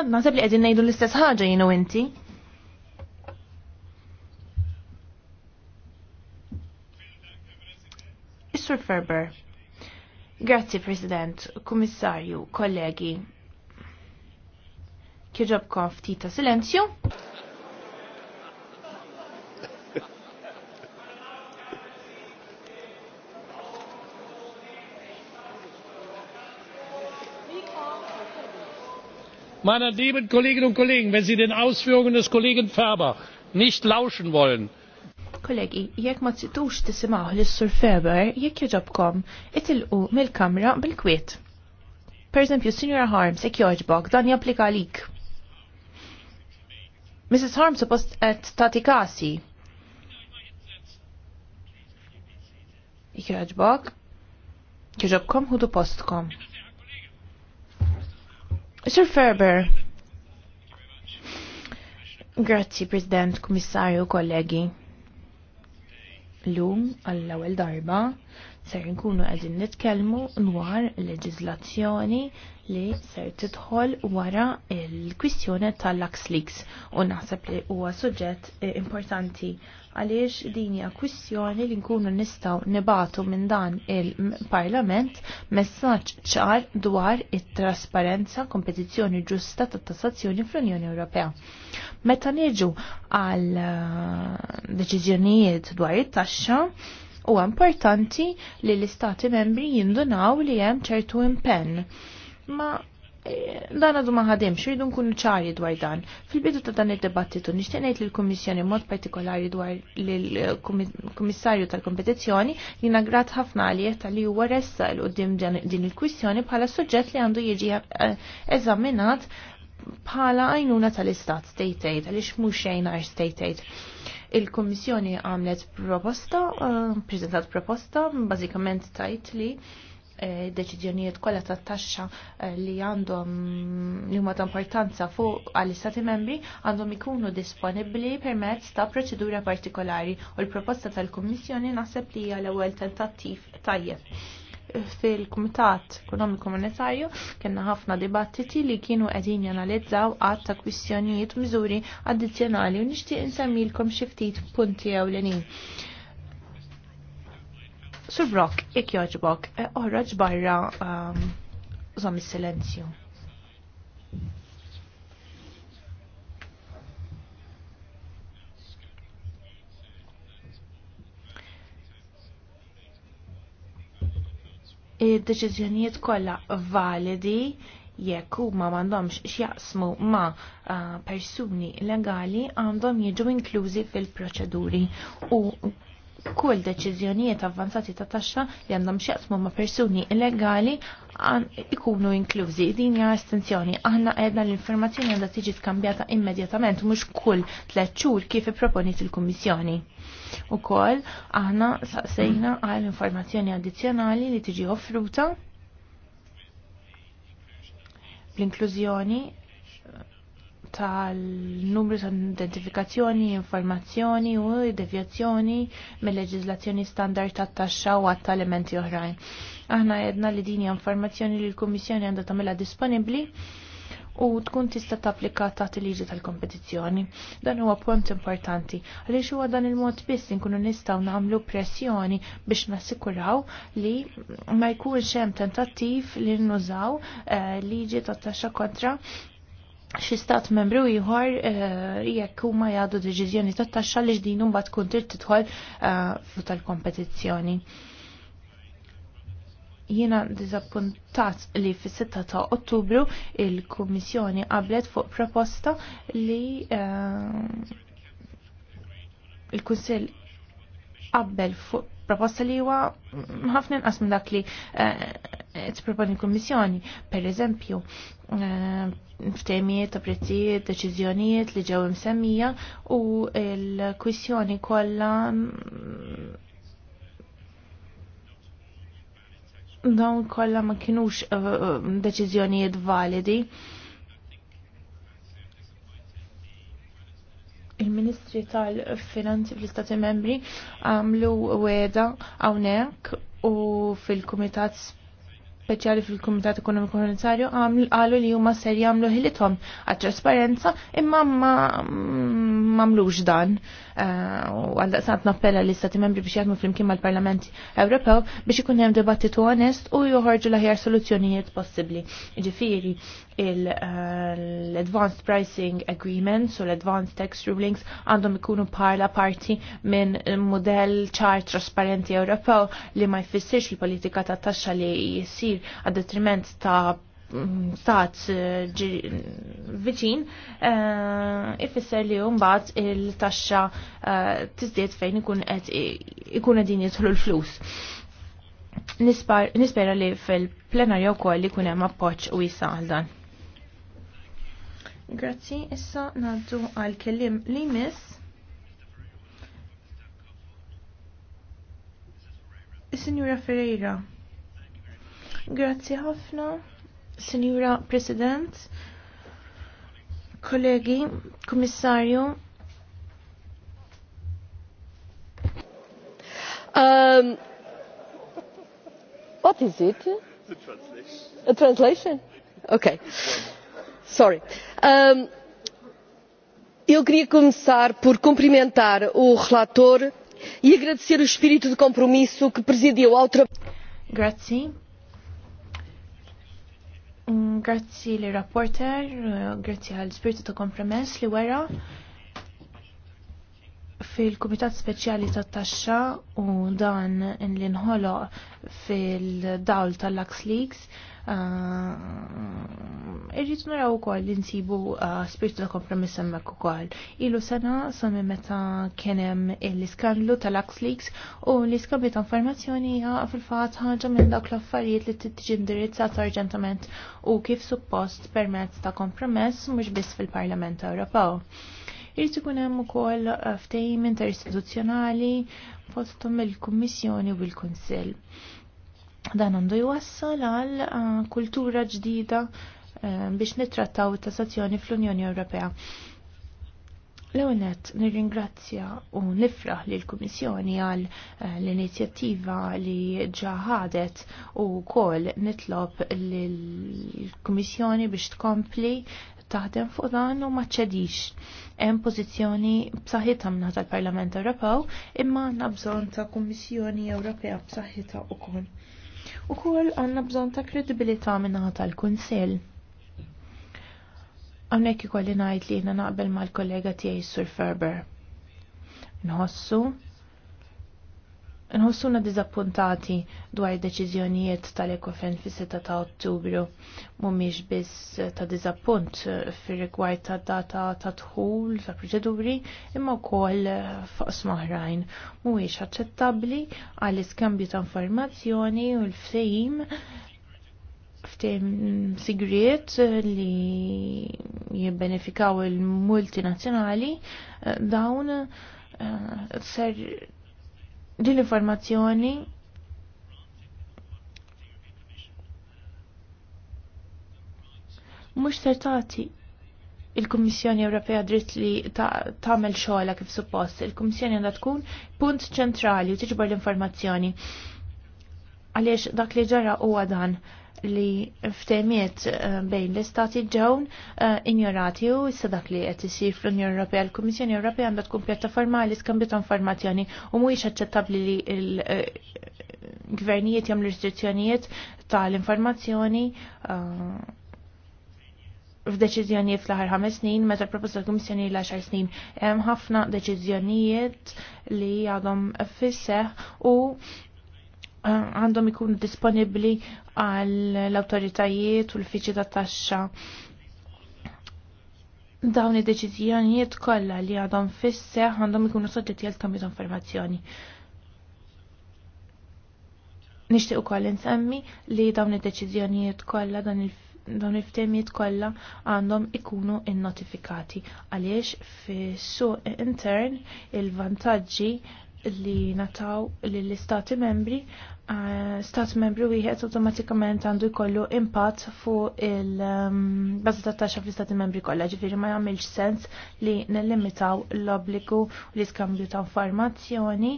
naħseb li għedin ngħidu l-istess ħaġa jienu inti. is Ferber. Grazzi President, Kummissarju, kollegi. Kieġobkom ftit ta' silenzju. meine lieben Kolleginnen und Kollegen, wenn Sie den Ausführungen des Kollegen Ferber nicht lauschen wollen, Kollegi, jekk ma titux tisimaw l-Sur Ferber, jekk joġobkom, itilqu mill-kamra bil-kwiet. Per eżempju, Signora Harms, jekk joġbok, dan japplika għalik. Mrs. Harms suppost qed tagħti kasi. Jekk joġbok, joġobkom ħudu postkom. Sir Ferber. Grazzi, President, Kummissarju, kollegi. Lum, għall-ewwel darba, ser nkunu qegħdin nitkellmu dwar leġiżlazzjoni li ser tidħol wara l-kwistjoni tal-Lux Leaks u naħseb li huwa suġġett eh, importanti għaliex din hija kwistjoni li nkunu nistgħu nibatu minn dan il-Parlament messaġġ ċar dwar it-trasparenza, kompetizzjoni ġusta tat-tassazzjoni fl-Unjoni Ewropea. Meta niġu għal eh, deċiżjonijiet dwar it-taxxa, U importanti li l-istati membri jindunaw li hemm ċertu impenn. Ma eh, dan għadu maħadim, xridu nkunu ċari dwar dan. Fil-bidu ta' dan il-debattitu, nishtenajt l-Komissjoni mod partikolari dwar l-Komissarju tal-Kompetizjoni li nagrat ħafna li li huwa ressa l-qoddim din il-kwistjoni bħala suġġett li għandu jiġi eh, eżaminat bħala għajnuna tal-istat state aid, għalix mux xejn għar state aid. Il-Kommissjoni għamlet proposta, eh, prezentat proposta, bażikament tajt li eh, deċiżjonijiet kollha tat-taxxa eh, li għandhom li huma ta' importanza fuq għall-Istati membri għandhom ikunu disponibbli permezz ta' proċedura partikolari u l-proposta tal-Kummissjoni naħseb li hija l-ewwel tentattiv tajjeb fil-Kumitat Ekonomiku Monetarju kienna ħafna dibattiti li kienu qegħdin janalizzaw għad ta' kwistjonijiet mżuri miżuri addizzjonali u nixtieq insemmilkom xi ftit punti ewlenin. Sur Brock, jekk jogħġbok, eh, oħroġ barra zom ehm, is-silenzju. id-deċiżjonijiet kollha validi jekk huma m'għandhomx x'jaqsmu ma' persuni legali għandhom jiġu inklużi fil-proċeduri u kull deċiżjonijiet avvanzati ta' taxxa li għandhom x'jaqsmu ma' persuni illegali ikunu inklużi. Din hija estensjoni. Aħna għedna l-informazzjoni għandha tiġi skambjata immedjatament mhux kull tliet xhur kif ipproponiet il-Kummissjoni. U kol, aħna saqsejna għal informazzjoni addizjonali li tiġi offruta bl-inklużjoni tal-numru ta' identifikazzjoni, informazzjoni u devjazzjoni mill-leġizlazzjoni standard tat taxxa u għat elementi oħrajn. Aħna jedna li dini informazzjoni li l-Kummissjoni għandha tagħmilha disponibbli u tkun tista' tapplika taħt il-liġi tal-kompetizzjoni. Dan huwa punt importanti għaliex huwa dan il-mod biss inkunu nistgħu nagħmlu pressjoni biex nassikuraw li ma jkunx hemm tentattiv li nużaw eh, liġi tat-taxxa kontra xi stat membru ieħor eh, jekk huma jgħadu deċiżjoni tat-taxxa li x'din mbagħad tkun trid tidħol eh, tal-kompetizzjoni jiena dizappuntat li fis-6 ta' Ottubru il-Kummissjoni qablet fuq proposta li eh, il-Kunsill qabbel fuq proposta li huwa ħafna inqas minn dak li eh, qed proponi l-Kummissjoni. Pereżempju, eh, ftemijiet ta' prezzijiet, deċiżjonijiet li ġew imsemmija u l-kwissjoni kollha dawn kollha ma kinux eh, eh, deċiżjonijiet validi. Il-Ministri tal-Finanzi fl-Istati Membri għamlu weda hawnhekk u fil-Kumitat speċjali fil-Kumitat Ekonomiku Monetarju għalu li huma ser jagħmlu ħilithom għat-trasparenza imma ma dan. Eh, u għal nappella li stati membri biex jaħdmu flimkien mal-Parlament Ewropew biex ikun hemm dibattitu onest u joħorġu l-aħjar soluzzjonijiet possibbli. Ġifieri, Uh, l-Advanced Pricing Agreements u l-Advanced Tax Rulings għandhom ikunu parla parti minn model ċar trasparenti Ewropew li ma jfissirx il-politika ta' taxxa li jisir għad detriment ta' mm, stat uh, viċin uh, ifisser li mbagħad il-taxxa tizdiet fejn ikun qed ikun jidħlu l-flus. Nispera li fil-plenarja wkoll li kunem hemm appoġġ u jisa għal dan. Grazzi, issa naddu għal kellim li miss. Signora Ferreira. Grazzi ħafna, Signora President, kollegi, Kommissarju. Um, what is it? The translation. A translation? Okay. Um, eu queria começar por cumprimentar o relator e agradecer o espírito de compromisso que presidiu ao trabalho. Grazie. Grazzi li rapporter, grazzi għal spiritu ta' fil-Kumitat Speċjali tat taxxa u dan li nħolo fil-dawl tal-Lux Leaks uh, irrid naraw ukoll li nsibu uh, spiritu ta' kompromiss hemmhekk ukoll. Ilu sena sami meta kien hemm l-iskandlu tal-Lux Leaks u l-iskambju ta' informazzjoni fil-fatt ħaġa minn dak l-affarijiet li tiġi indirizzata sarġentament u kif suppost permezz ta' kompromess mhux biss fil-Parlament Ewropew Irrid ikun hemm ukoll ftehim interistituzzjonali fosthom il-Kummissjoni u l-Kunsill. Dan għandu jwassal għal eh, kultura ġdida eh, biex nittrattaw it-tassazzjoni fl-Unjoni Ewropea. l nir nirringrazzja u nifraħ li l-Kummissjoni għal eh, l-inizjattiva li ġaħadet u kol nitlob l-Kummissjoni biex tkompli taħdem fuq dan u ma ċedix. Hemm pożizzjoni b'saħħitha minn tal-Parlament Ewropew imma għandna bżonn ta' Kummissjoni Ewropea b'saħħitha wkoll. Ukoll għandna bżonn ta' kredibilità minn tal-Kunsill. Hawnhekk ikolli ngħid li jiena naqbel mal-kollega tiegħi Sur Ferber. Nħossu Nħossuna dizappuntati dwar deċiżjonijiet tal-Ekofen fis-6 ta' Ottubru mhumiex biss ta' diżappunt fir-rigward ta' data ta' dħul ta' proċeduri imma wkoll fuq oħrajn. Mhuwiex aċċettabbli għall iskambju ta' informazzjoni u l fejm ftehim sigriet li jibbenefikaw il-multinazzjonali dawn eh, ser din l-informazzjoni mhux tertati il-Kummissjoni Ewropea dritt li tagħmel xogħla kif suppost. Il-Kummissjoni għandha tkun punt ċentrali u tiġbor l-informazzjoni. Għaliex dak li ġara huwa dan li ftemiet eh, bejn l-istati ġown eh, ignorati u issa dak li qed jisir fl-Unjoni Ewropea. l komissjoni Ewropea għandha tkun formali, skambjata informazzjoni u mhuwiex aċċettabbli li l-gvernijiet eh, jagħmlu restrizzjonijiet tal-informazzjoni f'deċiżjonijiet fl-aħħar ħames snin meta proposta l-Kummissjoni l għaxar snin hemm ħafna deċiżjonijiet li għadhom fisseħ u għandhom ikunu disponibli għall awtoritajiet u l-fiċi ta' taxxa. Dawn id-deċiżjonijiet kollha li għadhom fisse għandhom ikunu soddetti għal kambju ta' informazzjoni. Nixtieq ukoll insemmi li dawn id-deċiżjonijiet kollha dan il- dawn il-ftemijiet kollha għandhom ikunu innotifikati għaliex fis-suq intern il-vantaġġi li nataw lill-istati membri Eh, stat membri wieħed awtomatikament għandu jkollu impatt fuq il-bażi ehm, ta' taxxa fl-istati membri kollha, ġifieri ma jagħmilx sens li nillimitaw l-obbligu li l-iskambju ta' informazzjoni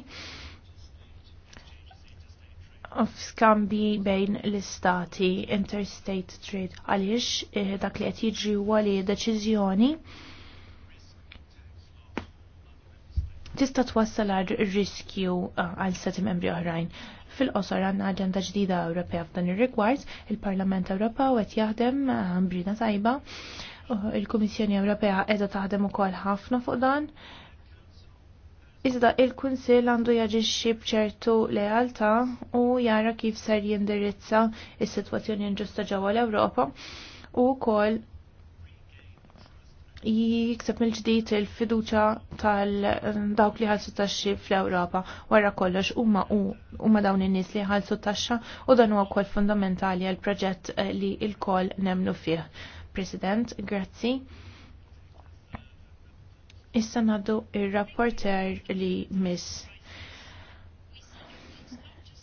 skambi bejn l-istati interstate trade għaliex eh, dak li qed jiġri li deċiżjoni tista' twassal għal riskju eh, għal stati membri oħrajn. Fil-qosor għandna aġenda ġdida Ewropea f'dan ir-rigward, il-Parlament Ewropew qed jaħdem eh, brina tajba, il-Kummissjoni Ewropea qiegħda taħdem ukoll ħafna fuq dan. Iżda il-Kunsill għandu jaġixxi b'ċertu lealtà u jara kif ser jindirizza s sitwazzjoni inġusta ġewwa l-Ewropa u wkoll jikseb mill-ġdid il-fiduċa tal-dawk um, li ħalsu taxxi fl-Ewropa wara kollox huma umma dawn in-nies li ħalsu taxxa u dan huwa wkoll fundamentali għal proġett eh, li l-koll nemnu fih. President, grazzi. Issa naddu ir-rapporter li miss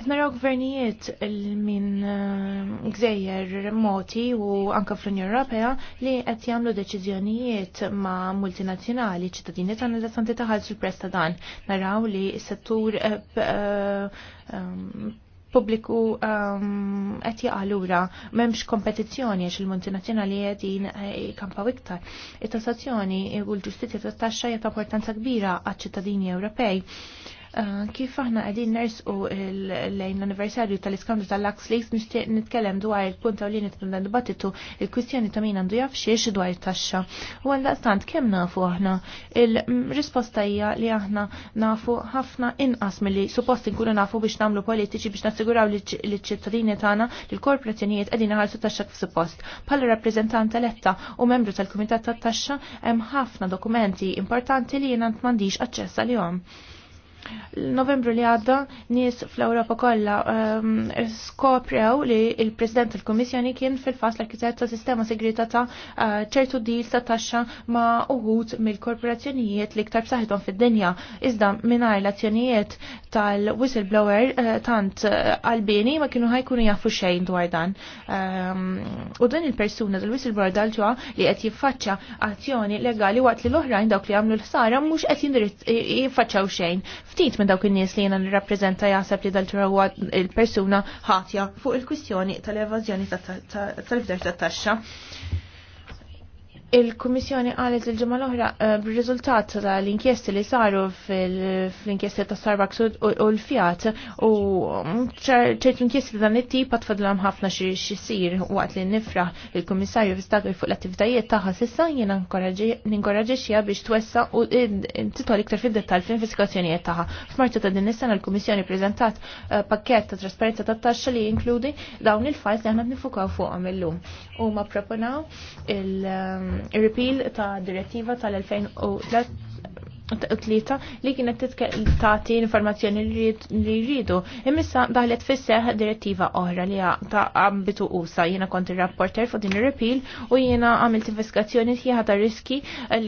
Naraw gvernijiet minn eh, gżejjer remoti u anka fl-Unjoni Ewropea li qed jagħmlu deċiżjonijiet ma' multinazzjonali ċittadini tagħna li santi taħalsu l-press ta' dan. Naraw li s-settur eh, eh, pubbliku qed jaqa' lura m'hemmx kompetizzjoni għax il-multinazzjonali qegħdin jkampaw iktar. it tassazzjoni u l-ġustizzja tat-taxxa hija ta' importanza kbira għaċ-ċittadini Ewropej Eh, kif aħna qegħdin nersqu lejn l-anniversarju tal iskandu tal-Axleaks nixtieq nitkellem dwar il punta u li nitkellem dibattitu il-kwistjoni ta' min għandu jafxiex xiex dwar it-taxxa. U għal-daqstant kemm nafu aħna il-risposta hija li aħna nafu ħafna inqas milli suppost nkunu nafu biex nagħmlu politiċi biex nassiguraw li ċittadini tagħna li l-korporazzjonijiet qegħdin iħallsu taxxa kif suppost. Bħala rappreżentant eletta u membru tal-Kumitat tat-Taxxa hemm ħafna dokumenti importanti li jiena m'għandix aċċess għalihom. Novembru li għadda nies fl-Ewropa kollha um, skoprew li il-President il kummissjoni kien fil-fas l-arkitet ta' sistema segreta ta' eh, ċertu dil deal ta' taxxa ma' uħut mill-korporazzjonijiet li ktar b'saħħithom fid-dinja. Iżda mingħajr l-azzjonijiet tal-whistleblower uh, tant qalbini eh, bini ma kienu ħajkunu jafu xejn dwar dan. Um, u din il-persuna tal-whistleblower dal-ġwa li qed jiffaċċa azzjoni legali waqt li l-oħrajn dawk li għamlu l-ħsara mhux qed jindirizz jiffaċċaw xejn Ftit minn dawk in-nies li jiena nirrappreżenta jaħseb li dal huwa il-persuna ħatja fuq il-kwistjoni tal-evażjoni tal-fdar tat-taxxa. Il-Kummissjoni qalet il-ġimgħa l-oħra eh, b'riżultat tal-inkjesti li saru fl-inkjesti ta' Starbucks u l-Fiat u ċert inkjesti dan it-tip għatfadlam ħafna xi xisir waqt li nifraħ il-Kummissarju fistakli fuq l-attivitajiet tagħha sissa jiena ninkoraġġixxiha biex twessa u titol iktar fid-dettall fl-investigazzjonijiet tagħha. F'Marzu ta' din is-sena l-Kummissjoni preżentat eh, pakkett ta' trasparenza tat-taxxa li jinkludi dawn il-fajs li aħna nifukaw fuqhom illum. Huma proponaw il- repeal ta' direttiva tal-2003 li kienet tagħti informazzjoni li jridu. Imissa daħlet fisseħ direttiva oħra li ta' ambitu usa. Jiena kont ir-rapporter fuq din ir-repeal u jiena għamilt investigazzjoni sħiħa ta' riski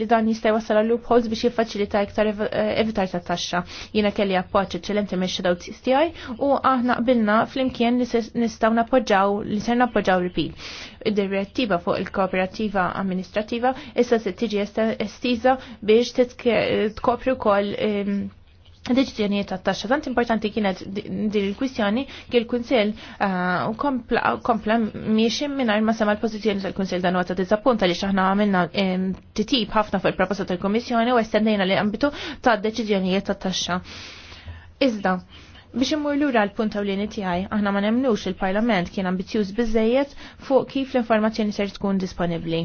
li dan jista' wasal għal loopholes biex jiffaċilita iktar evitar ta' taxxa. Jiena kelli appoġġ eċċellenti mix-shadow u aħna qbilna flimkien li nistgħu nappoġġaw li ser nappoġġaw repeal id-direttiva fuq il-kooperativa amministrativa issa se tiġi estiza biex tkopri wkoll ehm, deċizjonijiet ta' taxxa tant importanti kienet din il-kwistjoni kien il-Kunsill ah, kompla miexi mingħajr ma sema l-pożizzjoni tal-Kunsill dan huwa ta' diżappunta li għamilna ehm, titib ħafna fuq il-proposta tal-Kummissjoni u estendejna l-ambitu ta' deċiżjonijiet ta' taxxa. Iżda, Biex immur lura l l-ini tiegħi, aħna ma nemnux il-Parlament kien ambizjuż bizzejiet fuq kif l-informazzjoni ser tkun disponibbli.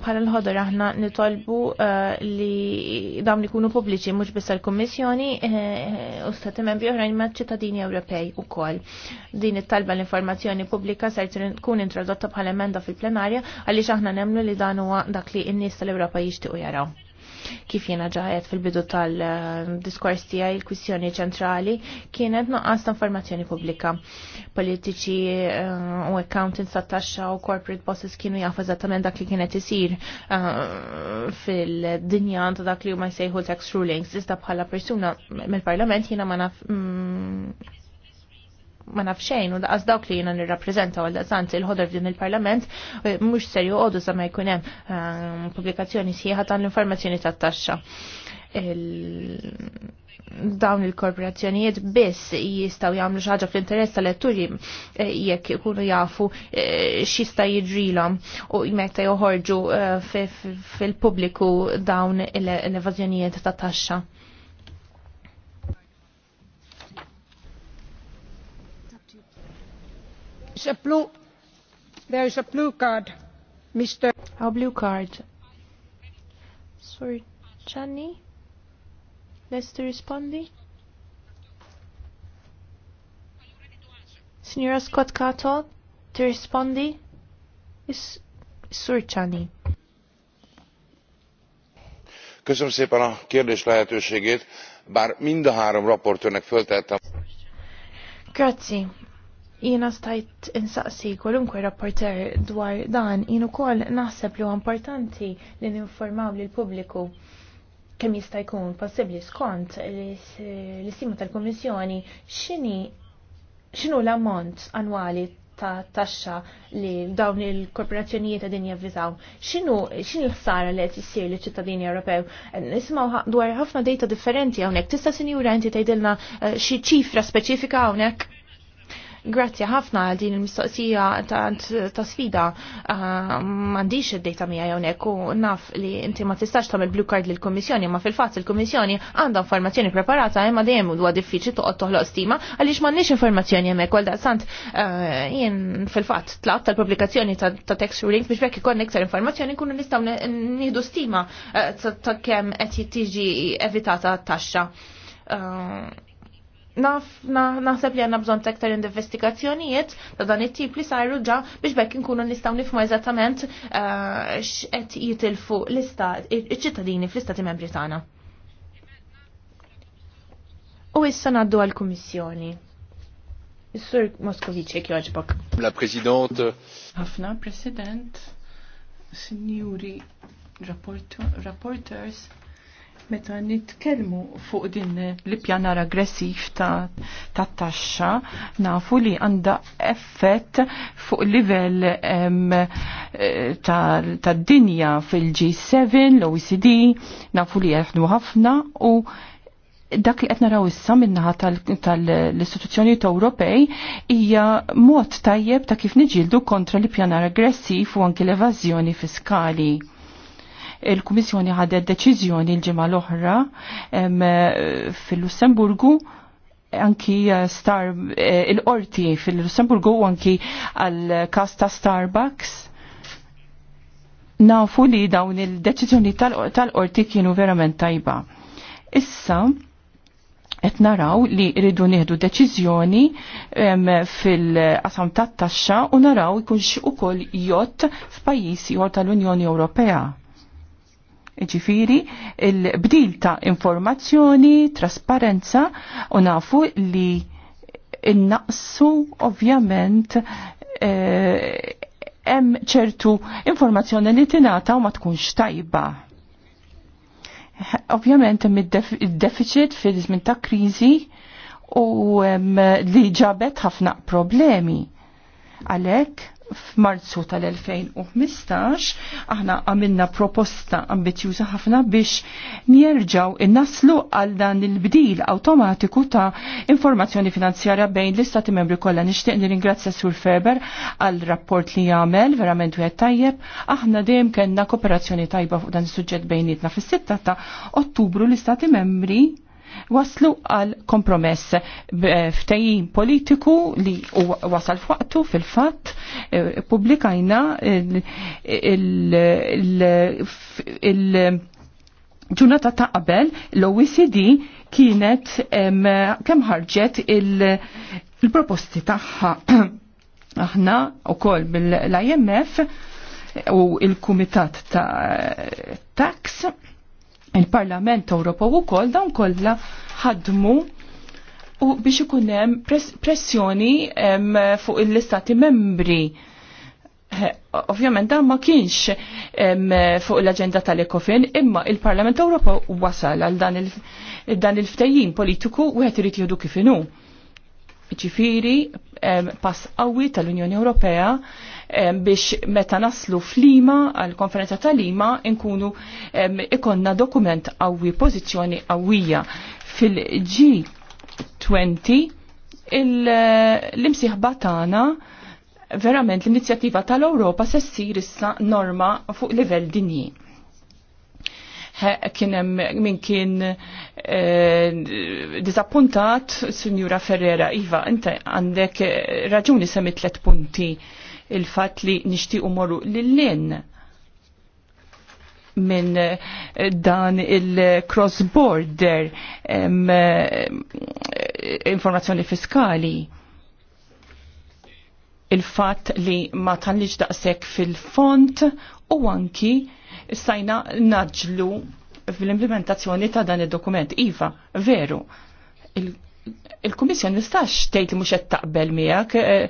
Bħala l-ħodor aħna nitolbu eh, li dawn li kunu pubbliċi mhux biss għall-Kummissjoni eh, eh, u stati membri oħrajn ma' ċittadini Ewropej ukoll. Din it-talba l-informazzjoni pubblika ser tkun introdotta bħala emenda fil-plenarja għaliex aħna nemmnu li dan huwa dak li n-nies tal-Ewropa jixtiequ jaraw. Kif jiena ġajet fil-bidu tal-diskors tiegħi il kwissjoni ċentrali kienet noqqas ta' informazzjoni pubblika. Politiċi eh, u accountants ta' taxxa u corporate bosses kienu jafu eżattament dak li kienet isir eh, fil-dinja ta' dak li huma jsejħu tax rulings. Iżda bħala persuna mill-Parlament jiena ma naf mm, ma nafxejn u daqas dawk li jina nirrapprezenta għal daqsant il-ħodar f'din il-parlament eh, mux serju għodu sa ma jkunem eh, publikazzjoni sħiħa tan l-informazzjoni ta' taxxa. dawn il-korporazzjonijiet biss jistaw jagħmlu xi ħaġa fl-interess tal etturi eh, jekk ikunu jafu xista jidrilom u meta joħorġu fil-pubbliku dawn l evazjonijiet ta' taxxa. is a blue, there is a blue card, Mr. A blue card. Sorry, Chani? Lest to Signora Scott Cato, to rispondi? Is Sur Chani. Köszönöm szépen a kérdés lehetőségét, bár mind a három raportőrnek föltettem. Grazie. Jiena stajt insaqsi kolunkwe rapporter dwar dan, jien ukoll naħseb li huwa importanti li ninformaw lil pubbliku kemm jista' jkun possibbli skont l-istima tal-Kummissjoni x'inhi x'inhu l-ammont annwali ta' taxxa li dawn il-korporazzjonijiet ta' din javvizaw. Xinu l-ħsara li qed issir liċ ċittadini Ewropew? Nismaw dwar ħafna data differenti hawnhekk. Tista' sinjura inti tgħidilna eh, xi ċifra speċifika hawnhekk? Grazzi ħafna għal din il-mistoqsija ta' sfida ah, m'għandix id-dejta mi għajonek u naf li inti ma tistax tagħmel blue card lill-Kummissjoni ma fil-fatt il-Kummissjoni għandha informazzjoni preparata imma dejjem huwa diffiċli toqgħod toħloq stima għaliex m'għandniex informazzjoni hemmhekk għal daqsant ah, jien fil-fatt tlaq tal-pubblikazzjoni ta' text rulings biex bekk ikun iktar informazzjoni nkunu nistgħu nieħdu stima ah, ta' kemm qed jittiġi evitata t-taxxa naf naħseb li għanna bżon tektar investigazzjonijiet ta' dan it-tip li sajru ġa biex bekk nkunu nistgħu nifmu eżattament eh, x'qed jitilfu l ċittadini fl-istati membri tagħna. U issa ngħaddu għall-Kummissjoni. Is-Sur Moskovici jogħġbok. La President. Ħafna President, Sinjuri Rapporters, Meta nitkellmu fuq din l-ippjanar aggressiv ta' taxxa, nafu li għandha effett fuq livell ta' dinja fil-G7, l-OECD, nafu li jaħdmu ħafna u dak li qed naraw issa minnaħa tal-istituzzjonijiet Ewropej hija mod tajjeb ta' kif niġildu kontra l-ippjanar aggressiv u anki l-evażjoni fiskali il-Kummissjoni ħadet deċiżjoni l-ġimgħa l-oħra fil-Lussemburgu anki eh, star eh, il-qorti fil-Lussemburgu u anki għal kasta ta' Starbucks. Nafu li dawn il-deċiżjoni tal-qorti kienu verament tajba. Issa, qed naraw li rridu nieħdu deċiżjoni fil-qasam tat-taxxa u naraw jkunx ukoll jott f'pajjiż ieħor tal-Unjoni Ewropea. Ġifiri, il-bdil ta' informazzjoni, trasparenza, u nafu li innaqsu ovvjament eh, hemm ċertu informazzjoni li tinata u ma tkunx tajba. Ovvjament hemm id-deficit fi żmien ta' kriżi u li ġabet ħafna problemi. Għalhekk f'Marzu tal-2015 aħna għamilna proposta ambitjuża ħafna biex njerġaw innaslu għal dan il-bdil automatiku ta' informazzjoni finanzjarja bejn l-istati membri kollha. Nixtieq nirringrazzja Sur Ferber għal rapport li jagħmel verament wieħed tajjeb. Aħna dejjem kellna kooperazzjoni tajba fuq dan is-suġġett bejnietna fis-6 ta' Ottubru l-istati membri waslu għal kompromess f'tejjim politiku li wasal f'waqtu fil-fatt e, publikajna il- ġunata ta' qabel l-OECD kienet kemm ħarġet il-proposti tagħha aħna wkoll bil-IMF u il-Kumitat ta' Tax il-Parlament Ewropew ukoll dawn kollha ħadmu u biex ikun hemm pressjoni fuq l-istati membri. Eh, ovvjament dan ma kienx fuq l-aġenda tal-Ekofin, imma il-Parlament Ewropew wasal għal dan il-ftejjin politiku u qed irid jieħdu kif inhu. Ġifieri pass qawwi tal-Unjoni Ewropea biex meta naslu f'Lima għal konferenza ta' Lima nkunu ikonna dokument qawwi pożizzjoni qawwija fil-G20 eh, l imsiħ tagħna verament l-inizjattiva tal-Europa se ssir issa norma fuq livell dinji. Kienem min kien eh, disappuntat, Signora Ferrera, Iva, inti għandek eh, raġuni semmi tlet punti il-fat li nishti morru lillin minn eh, dan il-cross border eh, informazzjoni fiskali il-fat li ma tanliġ daqsek fil-font u anki sajna naġlu fil-implementazzjoni ta' dan il-dokument. Iva, veru, il-Komissjon il nistax tgħid li mhux qed taqbel miegħek eh,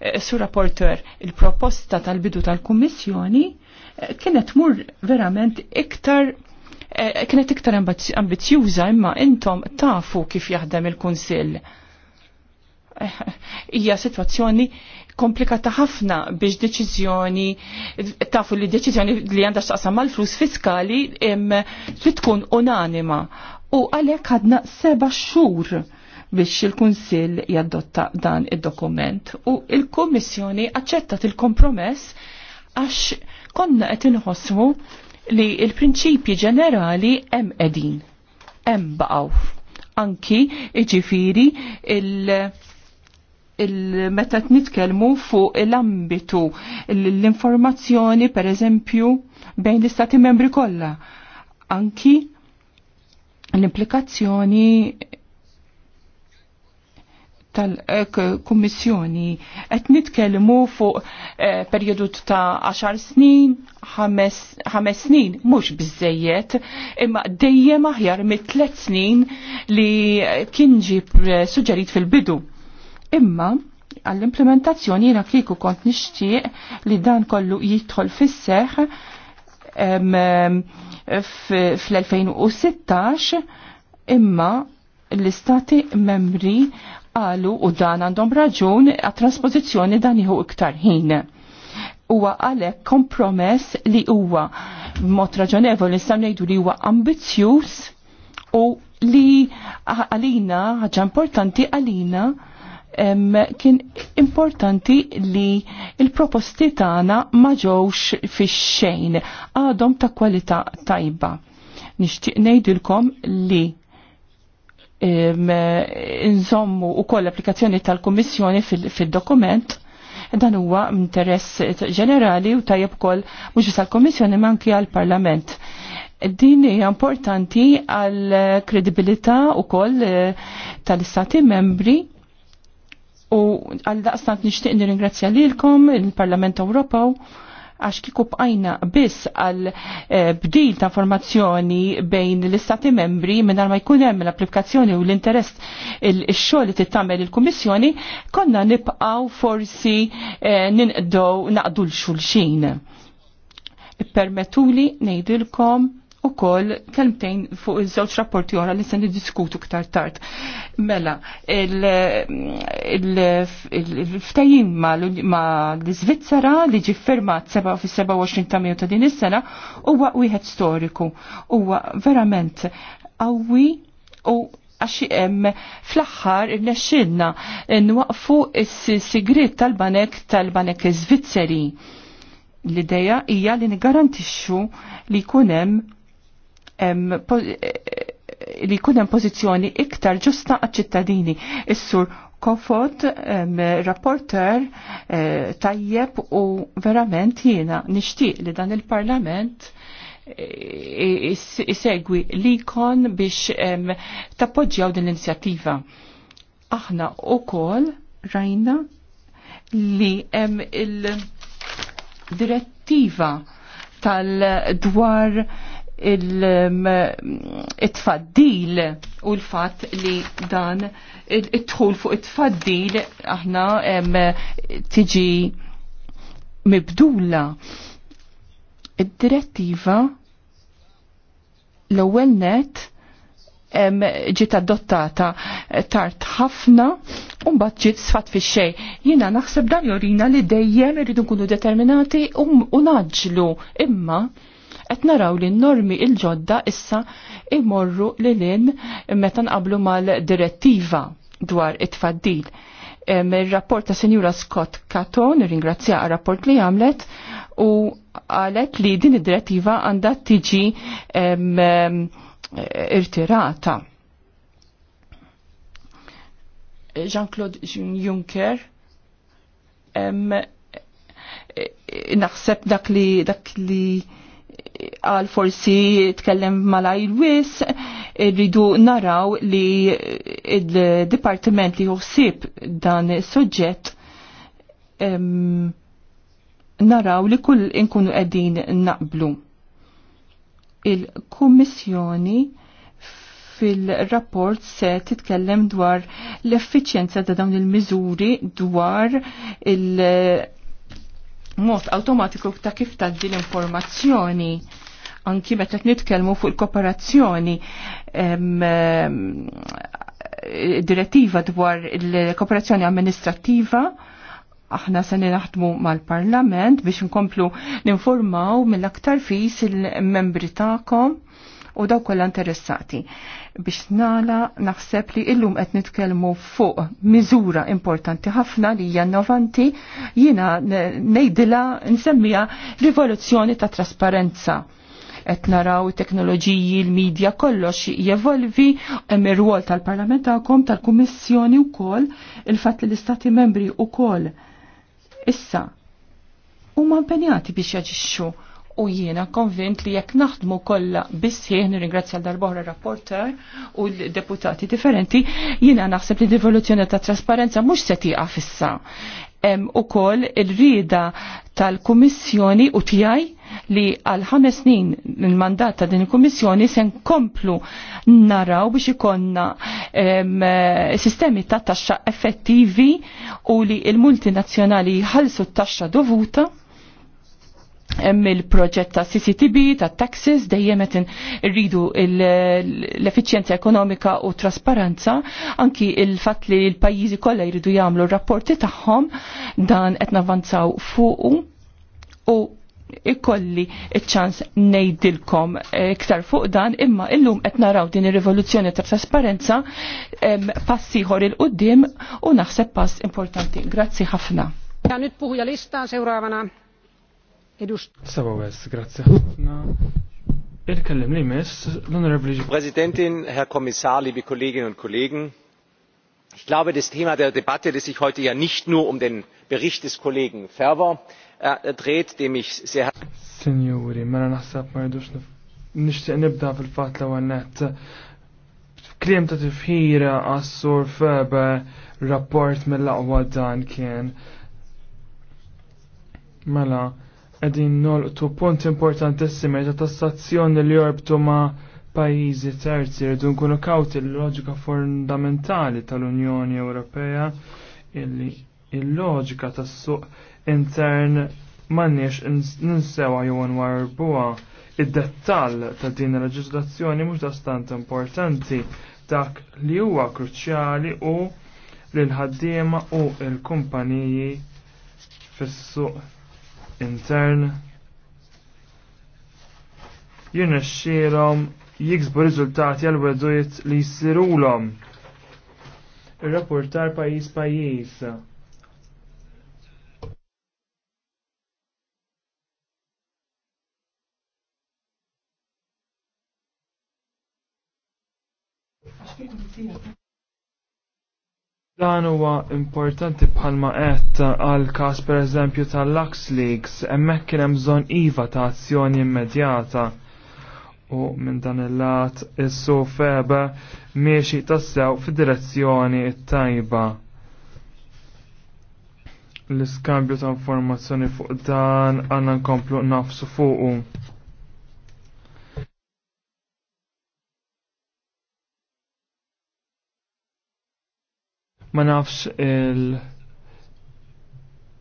Eh, Sur Rapporteur, il-proposta tal-bidu tal-Kummissjoni eh, kienet mur verament iktar eh, kienet iktar ambizjuża imma intom tafu kif jaħdem il-Kunsill. Hija sitwazzjoni komplikata ħafna biex deċiżjoni, tafu li deċiżjoni li għandha x'taqsam mal-flus fiskali trid tkun unanima. U għalhekk għadna seba' xhur biex il-Kunsill jaddotta dan id-dokument u il-Kummissjoni aċċettat il-kompromess għax konna qed inħossmu li il-prinċipji ġenerali hemm qegħdin, hemm baqgħu. Anki iġifiri il- il-meta nitkellmu fuq l-ambitu l-informazzjoni per eżempju bejn l-istati membri kollha. Anki l-implikazzjoni tal-Kummissjoni qed nitkellmu fuq eh, perjodu ta' 10 snin, 5 snin mhux biżejjed, imma dejjem aħjar mit tliet snin li kien ġie eh, suġġerit fil-bidu. Imma għall-implementazzjoni jiena kieku kont nixtieq li dan kollu jidħol fis-seħ fl-2016 imma l-istati membri qalu u dan għandhom raġun għat-trasposizjoni dan iħu iktar ħin huwa għalhekk kompromess li huwa mod raġonevoli nista' ngħidu li huwa ambizzjuż u li għalina ħaġa importanti għalina em, kien importanti li il-proposti tagħna ma ġewx fix-xejn għadhom ta' kwalità tajba. Nixtieq ngħidilkom li inżommu u koll applikazzjoni tal-Kommissjoni fil-dokument dan huwa interess ġenerali u tajjeb ukoll mhux tal kommissjoni manki għall-Parlament. Din hija importanti għal kredibilità ukoll eh, tal-Istati membri u għal daqstant nixtieq nirringrazzja lilkom il-Parlament Ewropew għax kiku bqajna biss għal eh, bdil ta' formazzjoni bejn l-istati membri minn ma jkun hemm l-applikazzjoni u l-interess il-xogħol li tittamel il-Kummissjoni, konna nibqgħu forsi eh, ninqdow naqdu l-xulxin. Permetuli ngħidilkom u kol kelmtejn fuq iż-żewġ rapporti oħra li se niddiskutu ktar tard. Mela, il-ftajim ma l-Svizzera li ġi firmat fis-27 ta' ta' din is-sena huwa wieħed storiku. Huwa verament qawwi u għax hemm fl-aħħar irnexxilna nwaqfu s-sigrit tal-banek tal-banek Svizzeri l-ideja hija li nigarantixxu li jkun hemm Eh, eh, li kunem pozizjoni iktar ġusta għal-ċittadini. Is-sur Kofot, rapporter eh, tajjeb u verament jiena nixtieq li dan il-parlament isegwi li kon biex tappoġġjaw din l-inizjattiva. Aħna u kol rajna li il-direttiva tal-dwar il-tfaddil mm, u l-fat li dan il tħul fuq it-tfaddil aħna tiġi mibdula. Id-direttiva l-ewwel net ġiet adottata tard ħafna u mbagħad ġiet sfat fix xejn. Jiena naħseb dan jorina li dejjem irridu nkunu determinati u naġlu imma qed naraw li n-normi il-ġodda issa imorru li lin meta nqablu mal-direttiva dwar it-tfaddil. Il-rapport ta' Senjura Scott Caton, ringrazzja rapport li għamlet, u għalet li din id-direttiva għandha tiġi irtirata. Jean-Claude Juncker e, e, naħseb dak li dak li għal forsi tkellem malajr wis, rridu naraw li il-Dipartiment li uħsib dan soġġett naraw li kull inkunu qegħdin naqblu. Il-Kummissjoni fil-rapport se titkellem dwar l-effiċjenza ta' dawn il-miżuri dwar il- mod automatiku ta' kif taddi l-informazzjoni anki meta nitkellmu fuq il-kooperazzjoni direttiva dwar il-kooperazzjoni amministrattiva aħna se naħdmu mal-parlament biex nkomplu ninformaw mill-aktar fis il-membri tagħkom u daw kollha interessati. Biex nala naħseb li illum qed nitkellmu fuq miżura importanti ħafna li hija innovanti jiena ngħidilha nsemmija rivoluzzjoni ta' trasparenza qed naraw teknoloġiji, l-medja kollox jevolvi hemm ir-rwol tal-Parlament tagħkom tal-Kummissjoni wkoll il-fatt li l-Istati membri wkoll issa huma impenjati biex jaġixxu u jiena konvint li jekk naħdmu kollha bissieħ nirringrazzja l-darbohra rapporter u l-deputati differenti, jiena naħseb li d-evoluzzjoni ta' trasparenza mhux se tieqa fissa. Hemm ukoll ir-rieda tal-Kummissjoni u tiegħi li għal ħames snin il-mandat ta' din il-Kummissjoni se nkomplu naraw biex ikonna sistemi ta' taxxa effettivi u li il-multinazzjonali jħallsu t-taxxa dovuta mill-proġett ta' CCTB, ta' taxes, dejjem qed irridu l-effiċjenza ekonomika u t-trasparenza, anki il-fatt li l-pajjiżi kollha jridu jagħmlu r-rapporti tagħhom dan qed navanzaw fuq u ikolli ċans nejdilkom iktar fuq dan imma illum qed naraw din ir-rivoluzzjoni ta' trasparenza passiħor il-qudiem u naħseb pass importanti. Grazzi ħafna. Ja nyt lista seuraavana Edux. Sabawes, grazie ħafna. Il-kellim li mis, l Präsidentin, Herr Kommissar, liebe Kolleginnen und Kollegen, ich glaube, das Thema der Debatte, das sich heute ja nicht nur um den Bericht des Kollegen Ferber äh, dreht, dem ich sehr... Signori, mela ma jidux nishtiq nibda fil-fat għannet. ta' għassur rapport mill-laqwa dan kien. Mela, Edin nolqtu punt importantissimi ta' tassazzjoni li jorbtu ma' pajizi terzi rridu nkunu kawti l-loġika fundamentali tal-Unjoni Ewropea illi il-loġika tas-suq intern m'għandniex ninsewa jew nwarbuha. Id-dettall ta' din il leġislazzjoni mhux dastant importanti dak li huwa kruċjali u l-ħaddiema u l-kumpaniji fis-suq intern jirna jiksbu rizultati għal wedujt li jissirulom. ir rapportar pajis pajis. Thank you. Dan huwa importanti bħalma qed għal każ pereżempju tal-Lux Leaks hemmhekk kien hemm bżonn iva ta' azzjoni immedjata. U minn dan il-lat issu feba miexi tassew fid-direzzjoni tajba. L-iskambju ta' informazzjoni fuq dan għanna nkomplu nafsu fuqu. ma nafx il-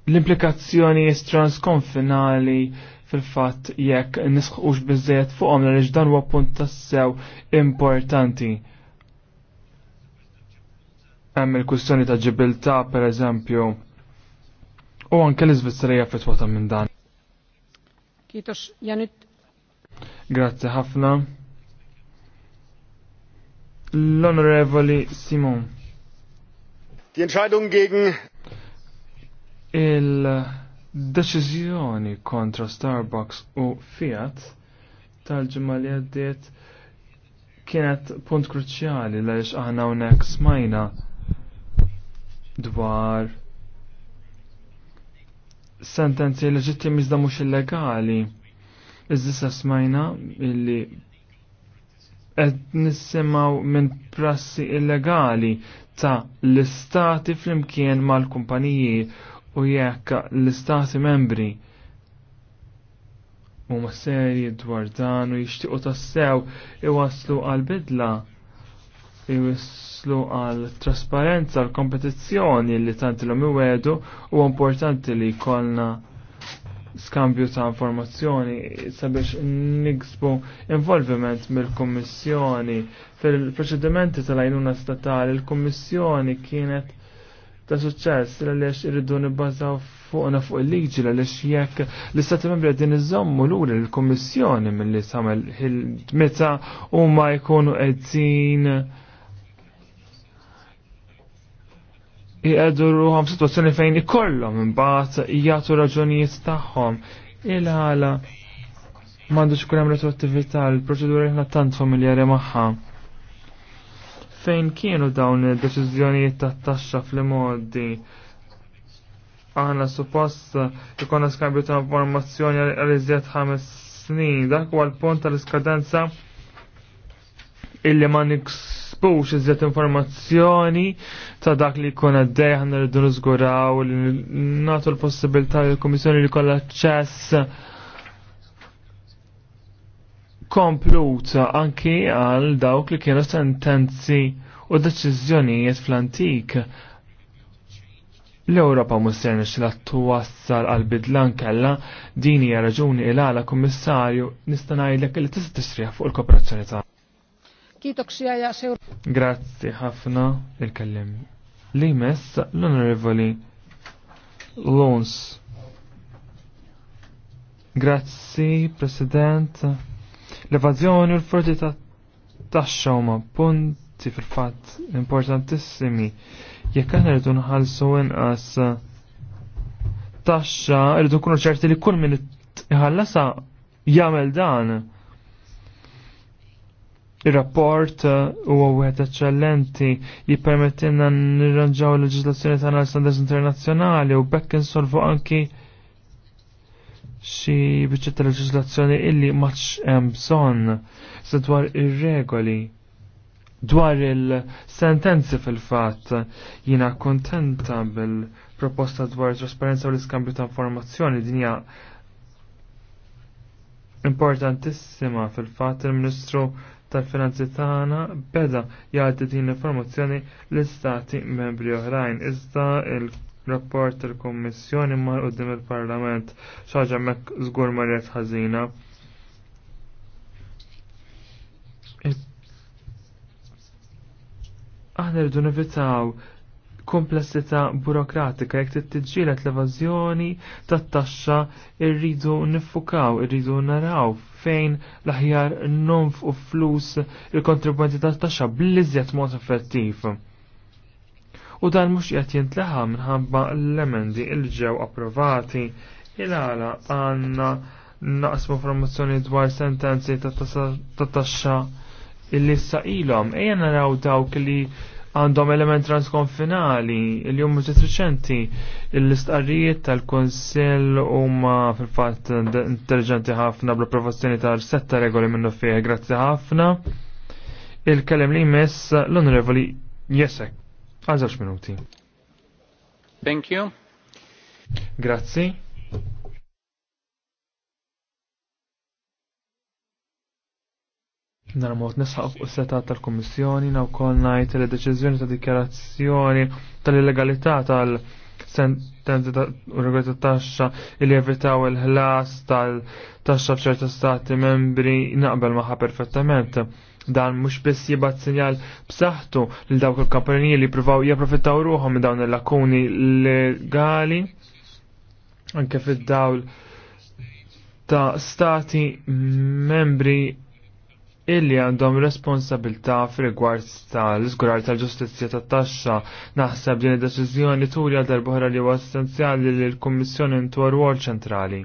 l-implikazzjoni transkonfinali fil-fatt jekk nisħuġ bizzejet fuqom l dan huwa punt tassew importanti. Hemm il-kwistjoni ta' ġibilta per eżempju. U anke l-Iżvizzerija fitwata minn dan. Kitos, Janit. Grazzi ħafna. L-Onorevoli Simon. Die Entscheidung gegen il-deċiżjoni kontra Starbucks u Fiat tal-ġimma li għaddiet kienet punt kruċjali li aħna hawnhekk smajna dwar sentenzi leġittimi iżda mhux illegali. Iżda smajna illi qed nisimgħu minn prassi illegali ta' l-istati flimkien mal-kumpaniji u jekk l-istati membri huma serji dwar dan u jixtiequ tassew iwaslu għal bidla jwislu għal trasparenza għal kompetizzjoni li tant l-om iwedu u importanti li kolna skambju ta' informazzjoni sabiex niksbu involviment mill-Kommissjoni fil-proċedimenti tal-għajnuna statali. Il-Kommissjoni kienet ta' suċċess għaliex irridu nibbażaw fuqna fuq il-liġi għaliex jekk l-Istati Membri din iżommu lura l-Kommissjoni mill-li samel il-meta u ma jkunu għedzin. jgħadurruħom situazzjoni fejn ikollhom imbagħad jagħtu raġunijiet tagħhom il-ħala m'għandux ikun hemm retroattività l-proċedura aħna tant familjari magħha. Fejn kienu dawn id-deċiżjonijiet tat-taxxa fl-modi aħna suppost ikonna skambju ta' informazzjoni għal iżjed ħames snin, dak huwa l punt tal-iskadenza illi ma niks niksbux iżet informazzjoni ta' dak li jkun għaddej ħan rridu nżguraw li nagħtu l-possibilità li l-Kummissjoni li kolla aċċess komplut anki għal dawk li kienu sentenzi u deċiżjonijiet fl-antik L-Europa musser nixla t-wassal għal-bidlan kella dini raġuni il-għala kummissarju nistanajlek li tista' fuq il-kooperazzjoni ta' Kitoksija ja Grazzi ħafna il-kellim. Li mess l-onorevoli Lons. Grazzi, President. L-evazjoni u l-frodi ta' taxxa huma punti fil-fatt importantissimi. Jekk aħna rridu nħallsu inqas taxxa, rridu nkunu ċerti li kull min iħallasa jagħmel dan Il-rapport uh, huwa wieħed eċċellenti jippermettilna nirranġaw il-leġislazzjoni tagħna l-standards internazzjonali u bekk insolvu anki xi biċċetta leġislazzjoni illi maċ hemm bżonn se dwar ir-regoli dwar il-sentenzi fil-fatt jina kontenta bil-proposta dwar trasparenza u l-iskambju ta' informazzjoni dinja importantissima fil-fatt il-Ministru tal-finanzi tagħna beda jgħaddi din l informazzjoni l-istati membri oħrajn. Iżda il-rapport tal kummissjoni mar qudiem il-Parlament xaġa mek żgur marret ħażina. Aħna rridu nevitaw komplessità burokratika jekk titġielet l-evażjoni tat-taxxa rridu niffukaw, irridu naraw fejn l-aħjar u flus il kontribuenti tat-taxxa bl-iżjed mod effettiv. U dan mhux qed jintleħa minħabba l-emendi il ġew approvati il-għala għandna naqsmu informazzjoni dwar sentenzi tat-taxxa il-lissa ilhom ejja naraw dawk li għandhom element transkonfinali. Il-jum mużet reċenti, l-istqarrijiet tal-Konsil huma fil fat intelligenti ħafna bl provazzjoni tal-setta regoli minnu fih, grazzi ħafna. Il-kellem li jmiss l-Onorevoli Jesek. Għal minuti. Thank you. Grazzi. Narmot nisħaf u seta tal-Komissjoni naw kol najt li deċizjoni ta' dikjarazzjoni tal-illegalità tal-sentenzi u regolita ta' taxxa li evitaw il-ħlas tal-taxxa f'ċerti stati membri naqbel maħa perfettament. Dan mhux biss jibat sinjal b'saħħtu li dawk il-kampaniji li pruvaw japprofittaw ruħom minn dawn il-lakuni legali anke fid-dawl ta' stati membri illi għandhom responsabilta fil-rigward tal-izgurar tal-ġustizja tat-taxxa. Naħseb din id-deċiżjoni turi għal darbohra li huwa essenzjali li l-Kummissjoni ntwar rwol ċentrali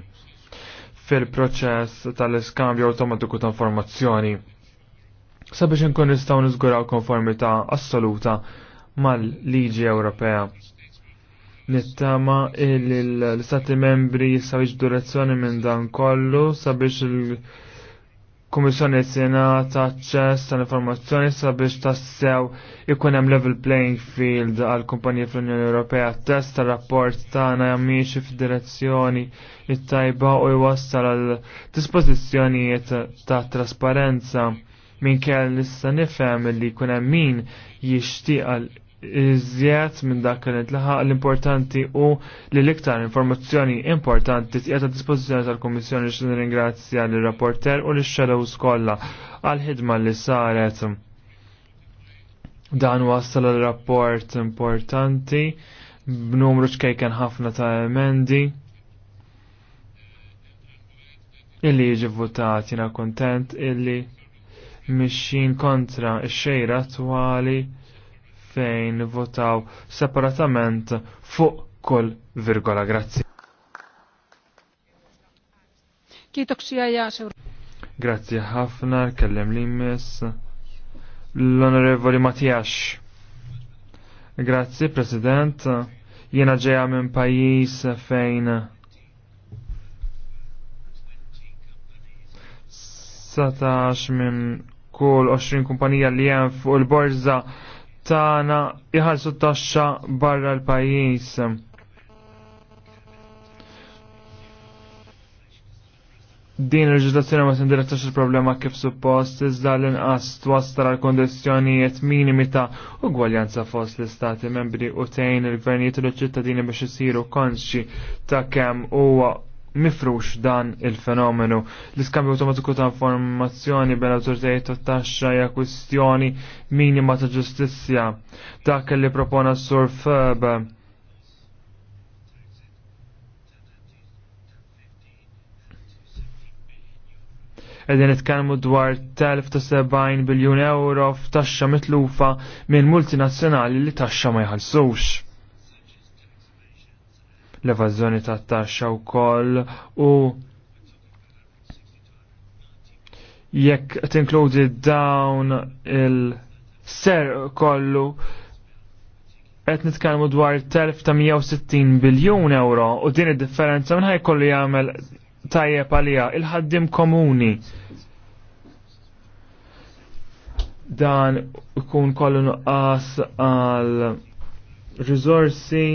fil-proċess tal-iskambju automatiku ta' informazzjoni. Sabiex nkun nistgħu niżguraw konformità assoluta mal-liġi Ewropea. Nittama il l-istati membri jistaw direzzjoni minn dan kollu sabiex il- Kummissjoni Senat aċċess ta' informazzjoni sabiex tassew ikun hemm level playing field għal kumpanija fl-Unjoni Ewropea test rapport rapport tagħna jammiexi f'direzzjoni it-tajba u jwassal għal dispożizzjonijiet ta' trasparenza minn kell issa nifhem li jkun hemm min jixtieq iżjed minn dak li tlaħaq l-importanti u li l-iktar informazzjoni importanti tqiegħed a dispożizzjoni tal-Kummissjoni li nirringrazzja lir-rapporter u lix-shadows kollha għall-ħidma li saret. Dan wassal l-rapport importanti b'numru ċkejken ħafna ta' emendi illi jiġi votat jina kontent illi mixin kontra x-xejra twali fejn votaw separatament fuq kull virgola. Grazzi. Grazzi ħafna, kellem l immis L-Onorevoli Matijax. Grazzi, President. Jena ġeja minn pajis fejn satax minn kull 20 kumpanija li jem fuq il-borza Tana iħallsu taxxa barra l-pajjiż. Din il-ġudazzjoni ma tindirizzax il-problema kif suppost iżda l-inqas twassal l kondizzjonijiet minimi ta' ugwaljanza fost l-istati membri u tgħin il-gvernijiet u l-ċittadini biex isiru konxi ta' kemm huwa mifrux dan il-fenomenu. L-iskambju automatiku ta' informazzjoni bejn autoritajiet ta' taxxa hija kwistjoni minima ta' ġustizzja. Dak li propona sur Feb. Edin itkellmu dwar 1070 biljun euro f'taxxa mitlufa minn multinazzjonali li taxxa ma jħallsux l-evazzjoni ta' taxxa wkoll u jekk tinkludi dawn il-ser kollu qed nitkellmu dwar 1160 biljun euro u din id-differenza minn kollu jagħmel tajjeb għalija il-ħaddim komuni dan ikun kollu nuqqas għal risorsi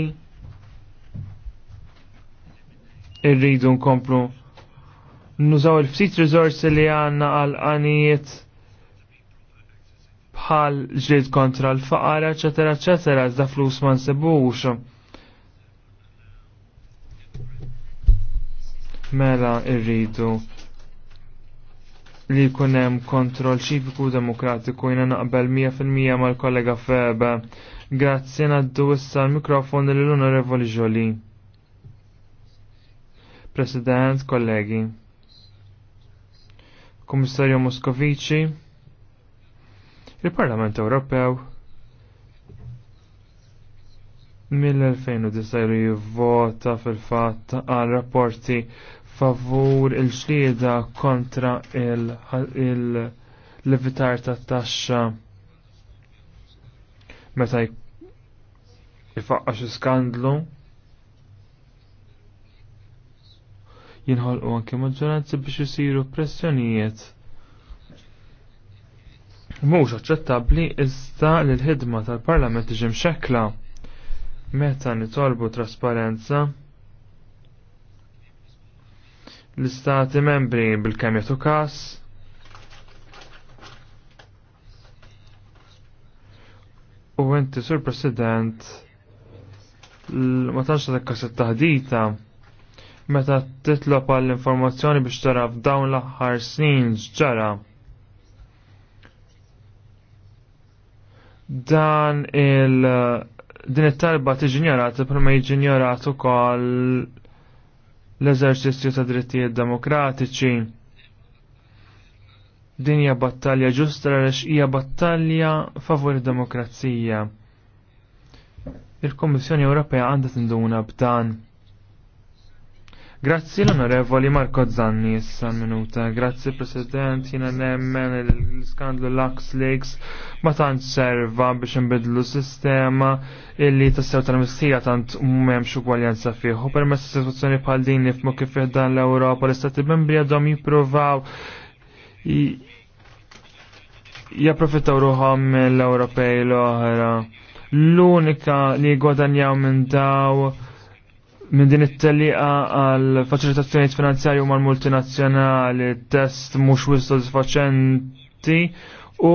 irridu nkomplu nużaw il-ftit rizorsi li għanna għal għanijiet bħal ġrid kontra l-faqar, eccetera, eccetera, da flus ma nsebux. Mela irridu li kunem kontrol ċiviku demokratiku jina naqbel 100% mal-kollega Febe. Grazzi naddu issa l-mikrofon l-Onorevoli Jolie. President, kollegi. Komissarju Moskovici, il-Parlament Ewropew mill 2019 jivvota fil-fatt għal rapporti favur il-ġlieda kontra il-levitar il ta' taxxa meta jfaqqa xi skandlu jinħolqu anke maġġoranzi biex isiru pressjonijiet. Mhux aċċettabbli iżda li l-ħidma tal-Parlament tiġi mxekkla meta nitolbu trasparenza l-istati membri bil-kemm jagħtu każ U inti, sur President, ma tantx dak kaset taħdita meta titlob għall informazzjoni biex tara f'dawn l-aħħar snin ġara. Dan il- din it-talba tiġinjorat prima jiġinjorat ukoll l-eżerċizzju ta' drittijiet demokratiċi. Din hija battalja ġusta għaliex hija battalja favur id-demokrazija. Il-Kommissjoni Ewropea għandha tinduna b'dan. Grazzi l-onorevoli Marco Zanni, issa minuta. Grazzi President, jina nemmen l-skandlu Lux Leaks ma tant serva biex nbidlu sistema illi tassew tal-mistija tant memx xugwaljanza fih. U permess situazzjoni bħal din nifmu kif dan l-Europa l-Istati membri għadhom jippruvaw japprofittaw ruħom mill-Ewropej l-oħra. L-unika li għodanjaw minn daw minn din it-telliqa għal faċilitazzjoniet finanzjarju mal multinazzjonali test mhux wis sodisfaċenti u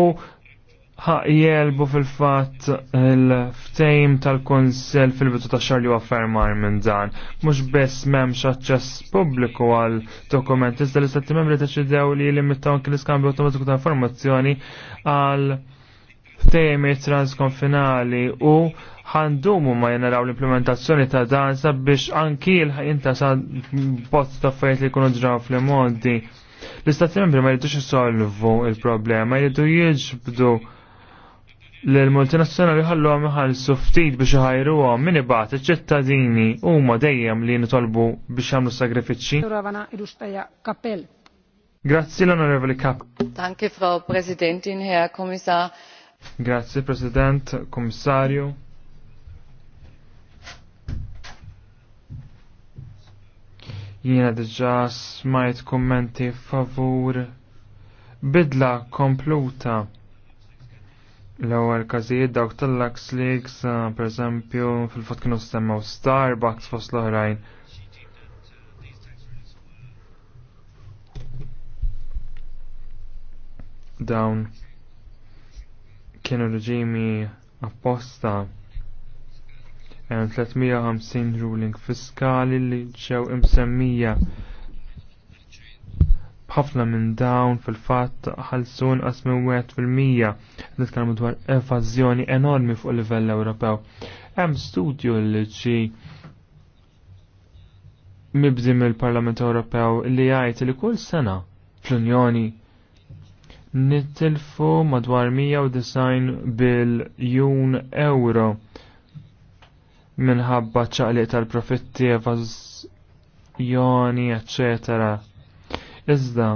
ħaqjelbu fil-fatt il-ftejm tal-Konsell fil-bitu ta' xar li għaffermar minn dan. Mux bess mem aċċess pubbliku għal dokumenti, iżda l-istati membri teċidew li limitaw kien iskambju automatiku ta' informazzjoni għal ftejmi transkonfinali u ħandumu ma jeneraw l-implementazzjoni ta' dan sabiex anki l-ħajinta sa' post ta' fejt li jkunu ġraw fl-modi. L-istati membri ma jridux jisolvu il-problema, jridu jiġbdu l-multinazzjonali ħallu għam iħallsu ftit biex ħajru għam minni bat ċittadini u ma dejjem li nitolbu biex għamlu sagrifiċi. Grazie l-onorevoli Kap. Danke, Frau Präsidentin, Herr Kommissar. Grazzi, President, Commissario. Jiena diġa smajt kommenti favur bidla kompluta l-ewwel każijiet dawk tal-Lux Leaks, eh, per eżempju, fil-fatt kienu semmew Starbucks fost l-oħrajn. Dawn kienu reġimi apposta hemm 350 ruling fiskali li ġew imsemmija ħafna minn dawn fil-fatt ħalsun qas minn wieħed fil-mija nitkellmu dwar evażjoni enormi fuq livell Ewropew. Hemm studju li ġi mibdi mill-Parlament Ewropew li jgħid li kull sena fl-Unjoni nittilfu madwar 190 biljun euro minħabba ċaqliq tal-profitti evazjoni, eccetera. Iżda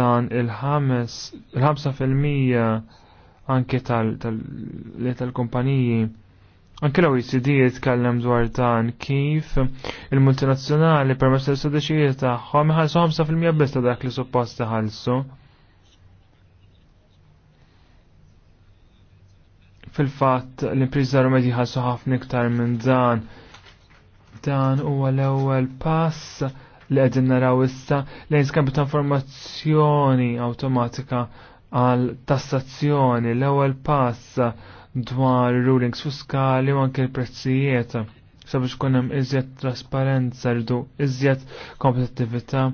dan il-ħames il-ħamsa fil-mija anke tal-kompaniji tal, Anke l-OECD jitkellem dwar dan kif il-multinazzjonali permezz l-istudixijiet tagħhom iħallsu 5% biss ta' dak li suppost ħalsu. Fil-fatt l-impriżi żaru medji ħassu ħafna iktar minn dan. Dan huwa l-ewwel pass li qegħdin naraw issa lejn skambju ta' informazzjoni awtomatika għal tassazzjoni l-ewwel pass dwar rulings fiskali u anke l-prezzijiet sabiex kun hemm iżjed trasparenza rridu iżjed kompetittività,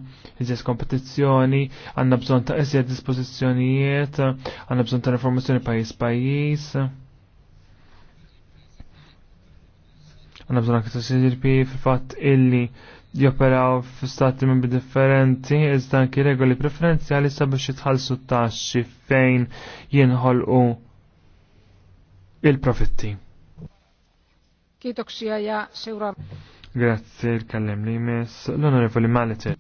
iżjed kompetizzjoni, għandna bżonn ta' iżjed dispożizzjonijiet, għandna bżonn ta' informazzjoni pajjiż pajjiż. Għanna bżon aktar CGP fil-fat illi joperaw f-stati membri differenti, iżda anki regoli preferenzjali sabiex jitħallsu t-taxxi fejn jinħolqu il-profitti. Kiitoksia ja seuraa. Grazie, il-kallem li mis l-onorevoli Malete.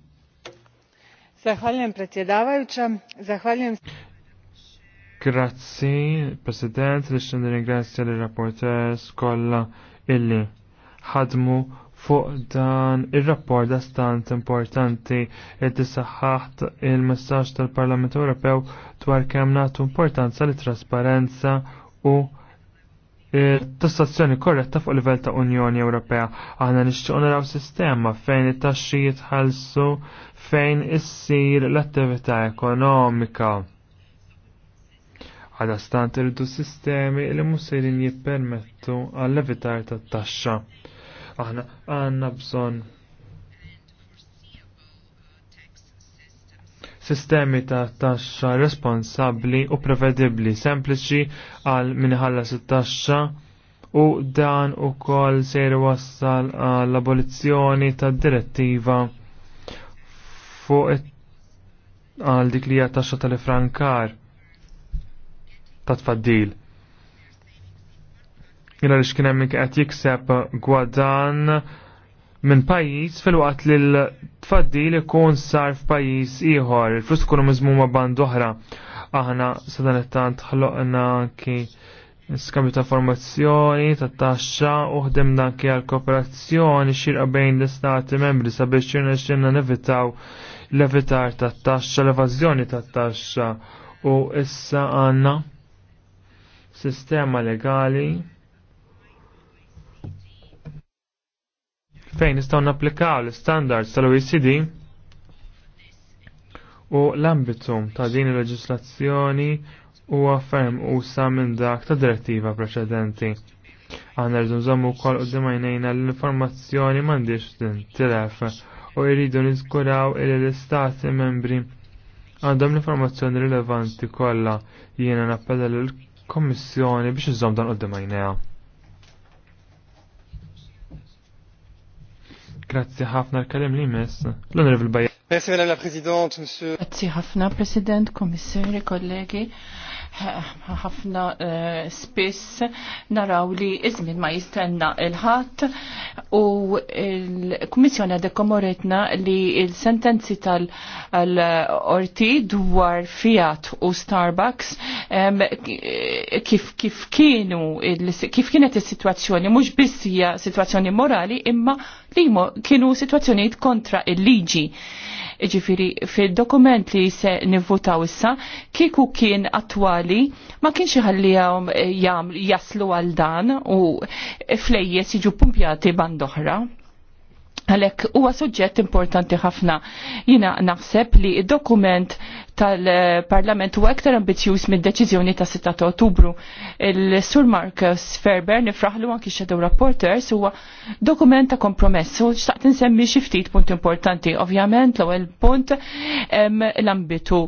Zahvaljujem predsjedavajuća, zahvaljujem... Grazzi, President, li xtendin ringrazja li rapporters kolla illi ħadmu fuq dan ir-rapport da stant importanti li saħħaħt il-messaġġ tal-Parlament Ewropew dwar kemm nagħtu importanza li trasparenza u tassazzjoni korretta fuq livell ta' Unjoni Ewropea. Aħna nixtiequ naraw sistema fejn it-taxxi jitħallsu fejn issir l-attività ekonomika. Għada stant irridu sistemi li mussirin jippermettu għall-levitar tat-taxxa aħna għanna bżon sistemi ta' taxxa responsabli u prevedibli sempliċi għal minħalla sit-taxxa u dan u kol sejr wassal għal abolizzjoni ta' direttiva fuq għal dik li taxxa tal-frankar ta' tfaddil jina li xkien hemm qed jikseb gwadan minn pajjiż fil-waqt li l-tfaddil ikun sar f'pajjiż ieħor, il-flus mizmu miżmuma band oħra. Aħna sadan it-tant ħloqna anki skambju ta' formazzjoni, ta' taxxa u ħdimna ki għal kooperazzjoni xirqa bejn l-istati membri sabiex xirna xirna nevitaw l-evitar ta' taxxa, l-evażjoni ta' taxxa u issa għanna sistema legali fejn nistgħu napplikaw l-standards tal-OECD u l-ambitu ta' din il-leġislazzjoni huwa ferm usa minn dak ta' direttiva preċedenti. Għanna rridu nżommu wkoll qudiem għajnejna l-informazzjoni m'għandix tintilef u jridu niżguraw li l-istati membri għandhom l-informazzjoni rilevanti kollha jiena nappella l-Kommissjoni biex iżżomm dan qudiem għajnejha. Grazzi ħafna l-kalem li mess. L-onorevol Merci, Madame la Présidente, Monsieur. Grazzi ħafna, President, Komissari, kollegi ħafna eh, spiss naraw li izmin ma jistenna il-ħadd u il kommissjoni għadek komoretna li il-sentenzi tal-orti dwar Fiat u Starbucks kif, kienu kif kienet is-sitwazzjoni mhux biss hija sitwazzjoni morali imma li kienu situazzjonijiet kontra il-liġi ġifiri fil-dokument li se nivvotaw issa, kieku kien attwali, ma kienx iħallihom eh, jam jaslu għal dan u flejjes jiġu pumpjati bandoħra. Għalek huwa suġġett importanti ħafna. Jina naħseb li dokument tal-Parlament u aktar ambizjuż mid-deċiżjoni ta' 6 ta' Ottubru. Il-Sur Marcus Ferber nifraħlu anki Shadow Reporters huwa dokument ta' kompromess u xtaqt insemmi xi ftit punt importanti. Ovvjament l-ewwel punt l-ambitu.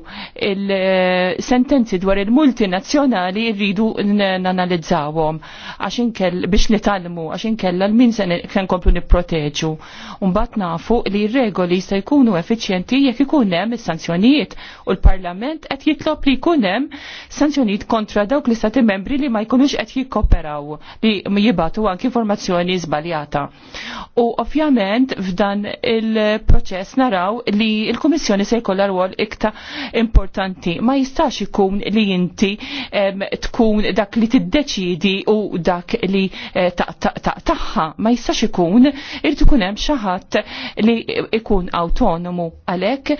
Il-sentenzi dwar il-multinazzjonali rridu nanalizzawhom għax inkell biex nitalmu għax inkella l-min se nkomplu nipproteġu. Mbagħad nafu li r-regoli se jkunu effiċjenti jekk ikun hemm is-sanzjonijiet u l-Parlament qed jitlob li jkun hemm sanzjonijiet kontra dawk l-istati membri li ma jkunux qed jikkoperaw li jibatu anki informazzjoni żbaljata. U ovvjament f'dan il-proċess naraw li l-Kummissjoni se jkollha rwol iktar importanti. Ma jistax ikun li inti tkun dak li tiddeċidi u dak li eh, taħħa ma jistax ikun irid ikun hemm xi ħadd li ikun autonomu għalhekk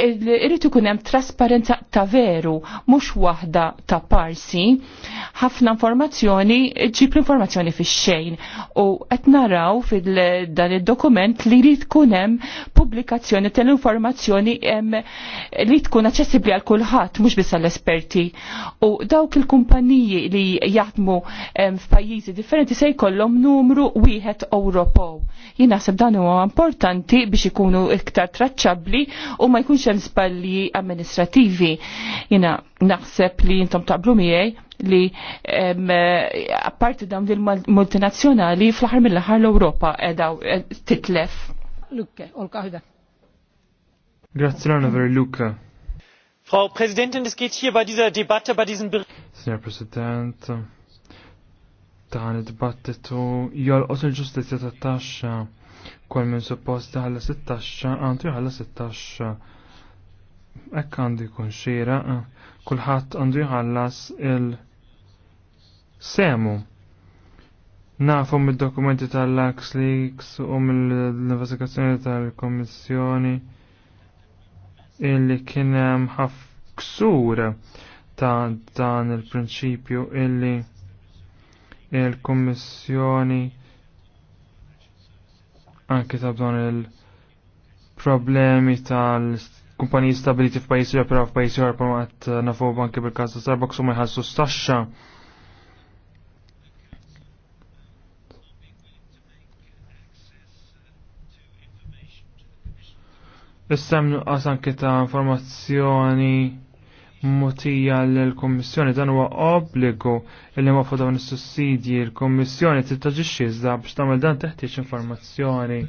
irid ikun hemm trasparenza ta' veru, mhux waħda ta' parsi, ħafna informazzjoni ġib l-informazzjoni fix xejn u qed naraw fil-dan id-dokument li jrid tkun hemm pubblikazzjoni tal-informazzjoni li tkun aċċessibbli għal kulħadd mhux biss għall-esperti. U dawk il-kumpaniji li jaħdmu f'pajjiżi differenti se jkollhom numru wieħed Ewropew. Jien naħseb dan huwa importanti biex ikunu iktar traċċabbli u ma jkunx hemm żbalji amministrativi amministrativi. Jina naħseb li jintom taqblu miegħi li apparti dawn il-multinazzjonali fl-ħar mill-ħar l europa edaw titlef. Lukke, olka ħida. Grazie l-onover Luka. Frau Präsidentin, es geht hier bei dieser Debatte, bei diesem Bericht. Signor Präsident, President, debatte tu, jol osu l ġustizja ta' taxxa Kol minn sit ħalla 16 għalla sit 16 Ekk għandu jkun xira, eh, kulħadd għandu jħallas il-semu. Nafu mid-dokumenti tal-Lax u mill-investigazzjoni tal komissjoni illi kienem ħaf ksur ta' dan il-prinċipju illi il komissjoni anki ta' dan il-problemi tal istituzjoni kumpaniji stabiliti f'pajjiż joperaw f'pajjiż joperaw għat eh, nafu banki bil-każ Starbucks u ma jħallsu staxxa. Issem nuqqas anke ta' informazzjoni mutija l-Kommissjoni dan huwa obbligu li waqfu dawn is-sussidji l-Kommissjoni tittaġixxi iżda biex tagħmel dan teħtieġ informazzjoni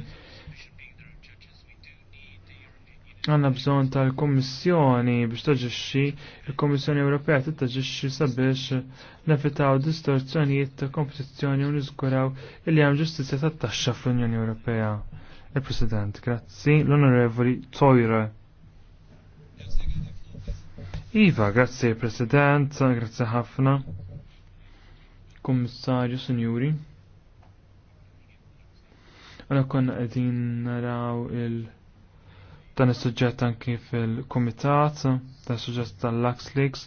għanna bżon tal-Kommissjoni biex taġiċi il-Kommissjoni Ewropea tittaġiċi sabiex nefitaw distorzjonijiet ta' kompetizzjoni u niżguraw il hemm ġustizja ta' taxxa fl-Unjoni Ewropea. Il-President, grazzi, l-Onorevoli Tojra. Iva, grazzi President, grazzi ħafna. Kommissarju, Sinjuri. Għana konna għedin naraw il- dan is-suġġett anki fil-Kumitat is suġġett tal-Lux Leaks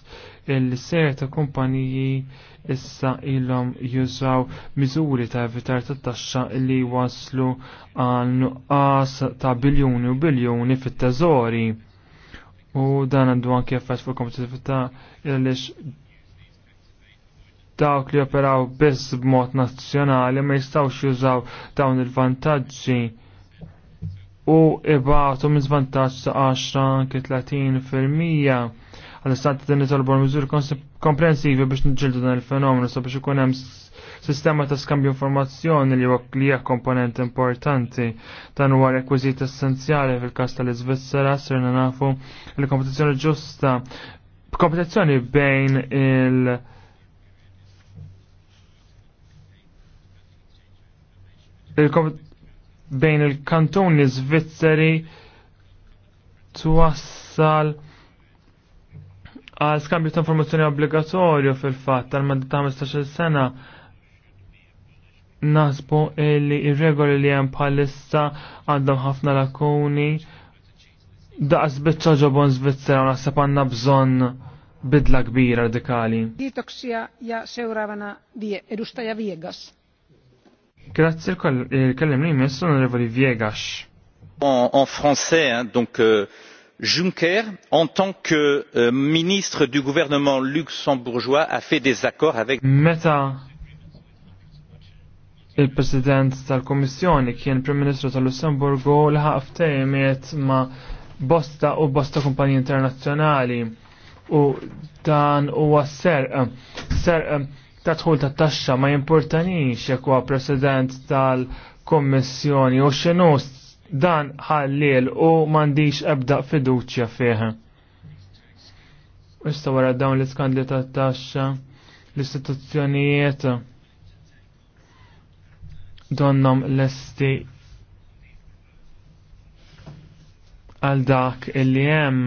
illi ser ta' kumpaniji issa ilhom jużaw miżuri ta' evitar ta' taxxa li waslu għal nuqqas ta' biljuni u biljuni fit-teżori. U dan għandu anki effett fuq kompetitività għaliex dawk li operaw biss b'mod nazzjonali ma jistgħux jużaw dawn il-vantaġġi u ibatu minn zvantaġġ sa' 10 ke 30 fil Għal-istat din nitolbu miżuri komprensivi biex nġildu dan il-fenomenu sa biex ikun hemm sistema ta' skambju informazzjoni li huwa hija komponent importanti dan huwa rekwiżit essenzjali fil-każ tal-Iżvizzera sirna nafu li kompetizzjoni ġusta kompetizzjoni bejn il- il bejn il-kantuni Svizzeri twassal għal skambju ta' informazzjoni obbligatorju fil-fatt tal-mandat ta' 15 sena nasbu illi irregoli regoli li hemm bħalissa għandhom ħafna lakuni daqs biċċa ġobon Svizzera u naħseb għandna bżonn bidla kbira radikali. Ditoksija ja sewravana edustaja Viegas. Grazie kellem li onorevoli Viegax. En français, donc euh, Juncker, en tant que euh, ministre du gouvernement luxembourgeois, a fait des accords avec. Meta il-President tal-Kommissjoni kien Prim Ministru tal-Lussemburgu li fait, ma' bosta u bosta kumpanji internazzjonali ou dan ser, ser, serq ta' tħol ta' taxxa ma jimportanix jekk huwa president tal-Kommissjoni u x'inhu dan ħallil u m'għandix ebda fiduċja fih. Issa wara dawn l-iskandli ta' taxxa l-istituzzjonijiet donnom lesti għal dak il-li jem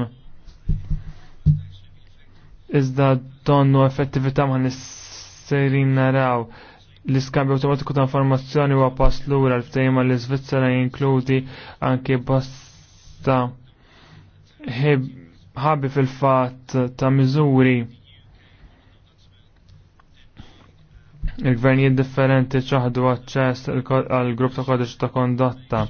iżda donnu effettività ma' nis sejrin naraw l-iskambju automatiku ta' informazzjoni huwa pass lura l ftejma l svizzera jinkludi anke basta ħabi fil-fatt ta' miżuri il-gvernijiet differenti ċaħdu aċċess għal grupp ta' kodiċ ta' kondotta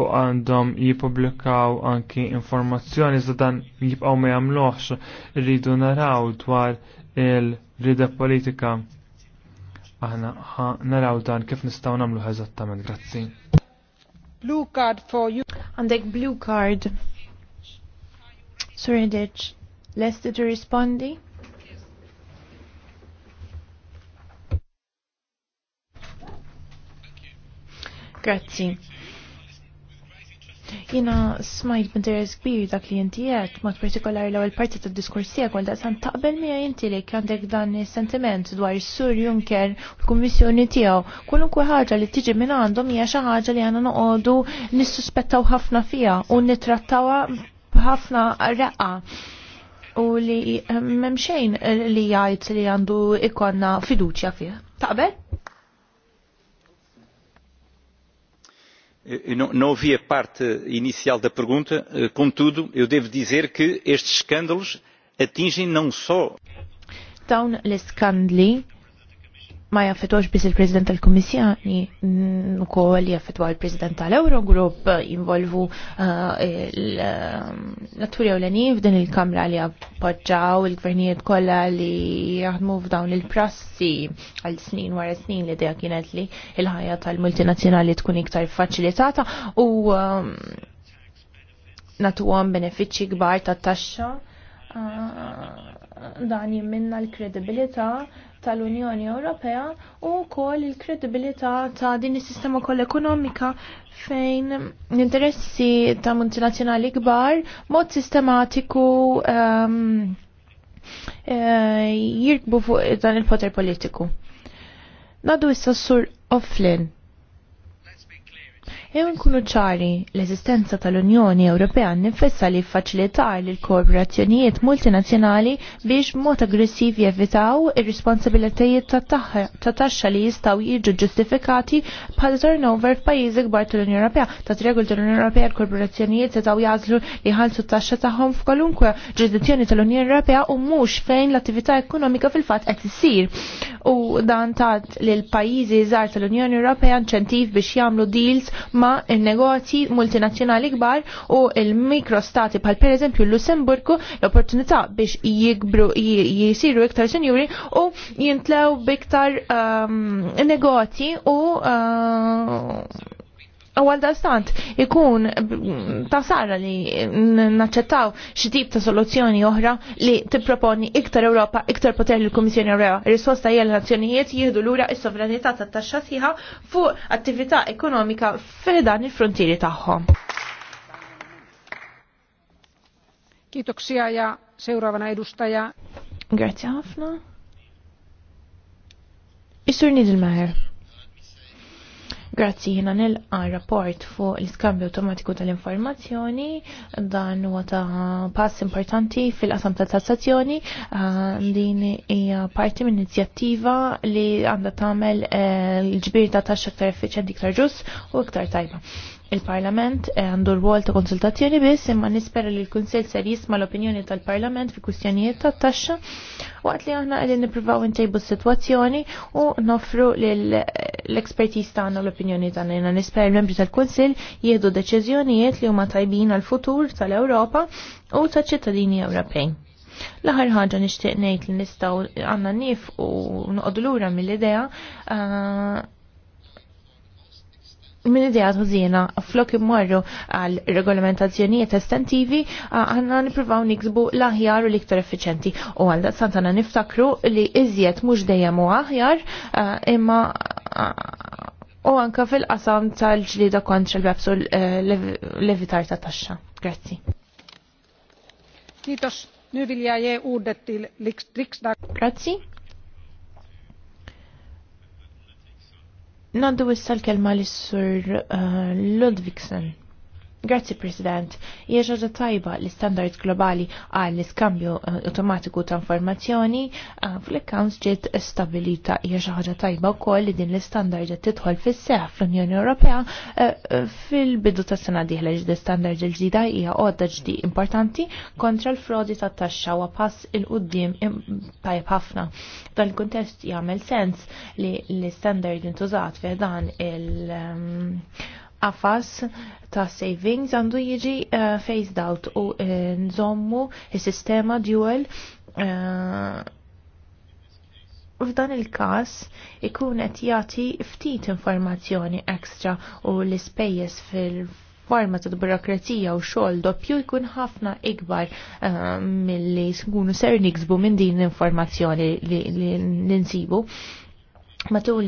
u għandhom jipublikaw anki informazzjoni iżda dan jibqgħu ma jagħmluhx irridu naraw dwar il- rida politika aħna naraw dan kif nistaw namlu eżattament. Grazzi. Blue card for you. Għandek blue card. Surindic, lest to rispondi? Grazie. Jina smajt b'interess kbir dak li jinti qed, mod partikolar l-ewwel parti tad-diskors tiegħek da' san taqbel miegħi jinti li għandek dan is-sentiment dwar is-Sur Juncker u l-Kummissjoni tiegħu. Kwalunkwe ħaġa li tiġi minn għandhom hija xi ħaġa li għandna noqogħdu nissuspettaw ħafna fiha u nittrattawha b'ħafna reqqa u li eh, memxejn li jgħid li għandu ikonna fiduċja fih. Taqbel? não, não ouvi a parte inicial da pergunta, eh, contudo, eu devo dizer que estes escândalos atingem não só. Então, l-iskandli ma jaffetwax biss il-President tal-Kommissjoni, ukoll jaffetwa il-President tal-Eurogroup, involvu uh, l-atturi um, ewlenin f'din il-Kamra li appoġġaw il-gvernijiet kollha li jaħdmu f'dawn il-prassi għal snin wara snin li dejja kienet li il-ħajja tal-multinazzjonali tkun iktar faċilitata u um, natuhom benefiċċji kbar tat-taxxa uh, dan jimminna l-kredibilità tal-Unjoni Ewropea u wkoll il-kredibilità ta' din is-sistema koll ekonomika fejn l-interessi ta' multinazzjonali kbar mod sistematiku um, ehm, e, eh, jirkbu fuq dan il-poter politiku. Nadu issa sur Oflin. Jew nkunu ċari, l-eżistenza tal-Unjoni Ewropea nifessa li faċilitar l korporazzjonijiet multinazzjonali biex mod aggressiv jevitaw ir-responsabilitajiet ta' taxxa li jistgħu jiġu ġustifikati bħal turnover f'pajjiżi kbar tal-Unjoni Ewropea. Ta' regol tal-Unjoni Ewropea l-korporazzjonijiet setgħu jażlu li ħalsu taxxa tagħhom f'kwalunkwe ġurisdizzjoni tal-Unjoni Ewropea u mhux fejn l-attività ekonomika fil-fatt qed issir. U dan tat l pajjiżi żgħar tal-Unjoni Ewropea inċentiv biex jagħmlu deals ma' il-negozji multinazzjonali kbar u il-mikrostati bħal per eżempju l-Lussemburgu l-opportunità biex jikbru jisiru iktar senjuri u jintlew biktar um, negozji u uh, għal dastant ikun ta' sara li naċċettaw xi tip ta' soluzzjoni oħra li tipproponi iktar Ewropa, iktar poter lill kummissjoni Ewropea. Ir-risposta hija l-nazzjonijiet jieħdu lura s-sovranità tat-taxxa siħa fuq attività ekonomika fiħdan il-frontieri tagħhom. Kiitoksia ja seuraavana edustaja. Grazie ħafna. Is-Sur Nidilmaher. Grazzi jina nilqa rapport fuq l-iskambju automatiku tal-informazzjoni dan huwa ta' pass importanti fil-qasam ta' tassazzjoni ah, din hija parti minn inizjattiva li għandha tagħmel eh, l-ġbir ta' taxxa aktar effiċjenti aktar ġus u iktar tajba. Il-Parlament eh, għandu l rwol ta' konsultazzjoni biss imma nispera li l-Kunsell ser jisma' l-opinjoni tal-Parlament fi kwistjonijiet tat-taxxa waqt li aħna qegħdin nippruvaw intejbu s-sitwazzjoni u nofru l ta' tagħna l-opinjoni ta' għanna nispera l-membri tal-Kunsill jieħdu deċiżjonijiet li huma tajbin għall-futur tal-Ewropa u taċ-ċittadini Ewropej. L-aħħar ħaġa nixtieq ngħid li nistgħu għandna nif u noqogħdu lura mill-idea eh, Min idea tużina, flok immorru għal regolamentazzjonijiet estentivi għanna nipruvaw niksbu l-aħjar u l-iktar effiċenti. U għal santana niftakru li iżjed mux dejjem u aħjar, imma u anka fil-qasam tal-ġlida kontra l-webs l-levitar ta' taxxa. Grazzi. Kiitos. Nu vill jag ordet till Riksdag. Grazie. Nandu issa l-kelma l-sur uh, Ludvigsen. Grazzi President, hija ġoġa tajba l standards globali għall l-iskambju eh, automatiku ta' informazzjoni eh, fl-accounts ġiet stabilita hija xi ħaġa tajba wkoll li din l-standard qed tidħol fis-seħ fl-Unjoni Ewropea eh, fil-bidu tas sena dieħla ġiet standard l ġdida hija għodda ġdi importanti kontra l-frodi tat-taxxa wa pass il qudiem tajb ħafna. Dan il-kuntest jagħmel sens li l-standard intużat fih dan il- ehm, qafas ta' savings għandu jiġi uh, phased out u uh, nżommu il-sistema dual uh, f'dan il-kas ikun qed jagħti ftit informazzjoni ekstra u l-ispejjeż fil forma ta' burokrazija u xogħol doppju jkun ħafna ikbar milli nkunu ser niksbu minn din l-informazzjoni li, li, li, li nsibu. Matul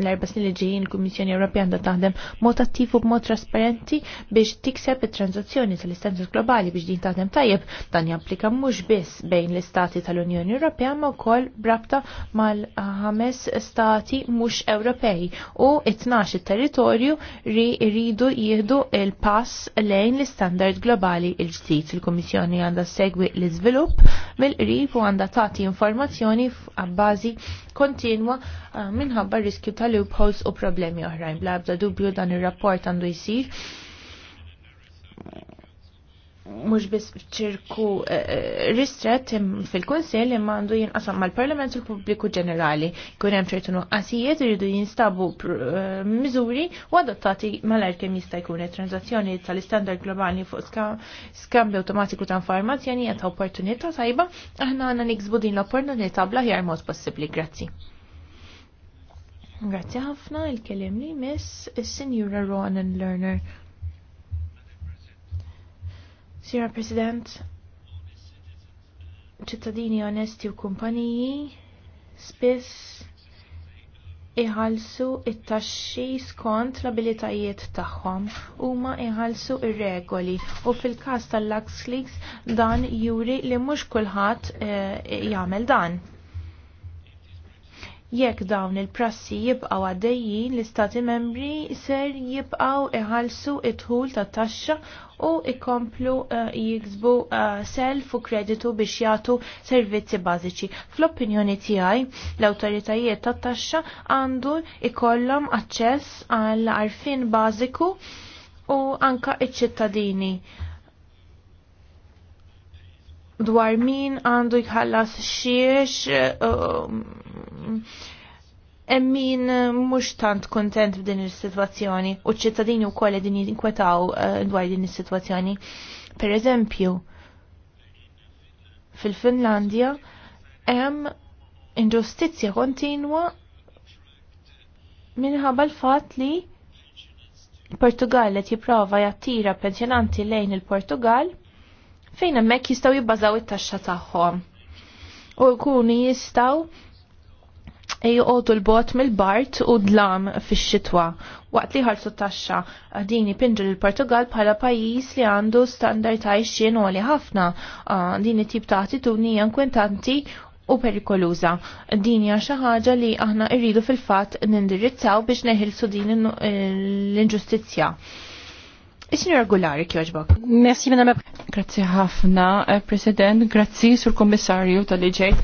l-erba snin li ġejjin il-Kummissjoni Ewropea għandha taħdem mod attiv u b'mod trasparenti biex tikseb it-tranzazzjoni tal-istandards globali biex din taħdem tajjeb dan japplika mhux biss bejn l-istati tal-Unjoni Ewropea ma wkoll brabta mal-ħames stati mhux Ewropej u it-tnax territorju ri jridu jieħdu il-pass lejn l-istandard globali il-ġdid. Il-Kummissjoni għandha segwi l-iżvilupp mill-qrib u għandha tagħti informazzjoni għabbażi kontinwa eh, minħabba riskju tal-loopholes u problemi oħrajn. Blabda dubju dan ir-rapport għandu jsir mux bis ċirku eh, eh, ristret fil-konsil imma għandu jinqasam mal-parlament u l-pubbliku ġenerali. Kunem ċertu nuqqasijiet rridu jinstabu eh, miżuri u adottati mal-għar jista' jkun transazzjoni tal-istandard globali fuq skambi automatiku ta' informazzjoni għata opportunità tajba, aħna għanna niksbu din l-opportunità blaħjar mod possibli. Grazzi. Grazzi ħafna il-kelim li miss is-Sinjura Ronan Lerner. Sira President, ċittadini onesti u kumpaniji spiss iħalsu it-taxxi skont l-abilitajiet tagħhom huma iħalsu ir-regoli u fil-każ tal-Lux Leaks dan juri li mhux kulħadd eh, jagħmel dan. Jekk dawn il-prassi jibqaw għaddejjin, l-istati membri ser jibqaw iħalsu it dħul ta' taxxa u ikomplu eh, jiksbu eh, self u kreditu biex jagħtu servizzi bażiċi. Fl-opinjoni tiegħi, l-awtoritajiet ta' taxxa għandu ikollhom aċċess għal arfin bażiku u anka iċ-ċittadini dwar min għandu jħallas xiex eh, eh, emmin mux tant kontent b'din il-situazzjoni u ċittadini u kolli din jinkwetaw eh, dwar din il-situazzjoni. Per eżempju, fil-Finlandja hemm inġustizzja kontinwa minħabba l-fat li Portugal qed jipprova jattira pensjonanti lejn il-Portugal fejn hemmhekk jistgħu jibbażaw it-taxxa tagħhom. U jkunu jistgħu jgħodu l-bot mill-Bart u dlam fix-xitwa. Waqt li ħarsu t taxxa din jipinġu l-Portugal bħala pajjiż li għandu standard ta' xien għali ħafna. Ah, din it tip ta' attitudni jankwentanti u perikoluża. Din hija xi ħaġa li aħna rridu fil-fatt nindirizzaw biex neħilsu din l-inġustizzja. Is-sinu regolari kjoġbok. Merci, madame. Grazzi ħafna, eh, President. Grazzi sur kommissarju tal-liġejt.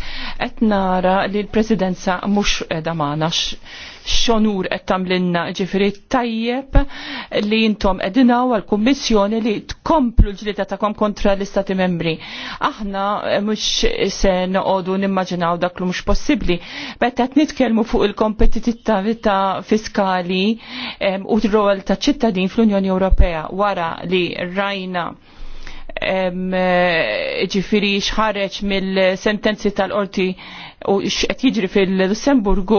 Etnara li l-Presidenza mux damana xonur qed tamlinna ġifieri tajjeb li intom qegħdinaw għall-Kummissjoni li tkomplu l ta' tagħkom kontra l-Istati Membri. Aħna mhux se noqogħdu nimmaġinaw dak li mhux possibbli. Meta qed nitkellmu fuq il-kompetittività fiskali u r-rol ta' ċittadin fl-Unjoni Ewropea wara li rajna ġifiri xħareċ mill-sentenzi tal-qorti u x'qed jiġri fil-Lussemburgu,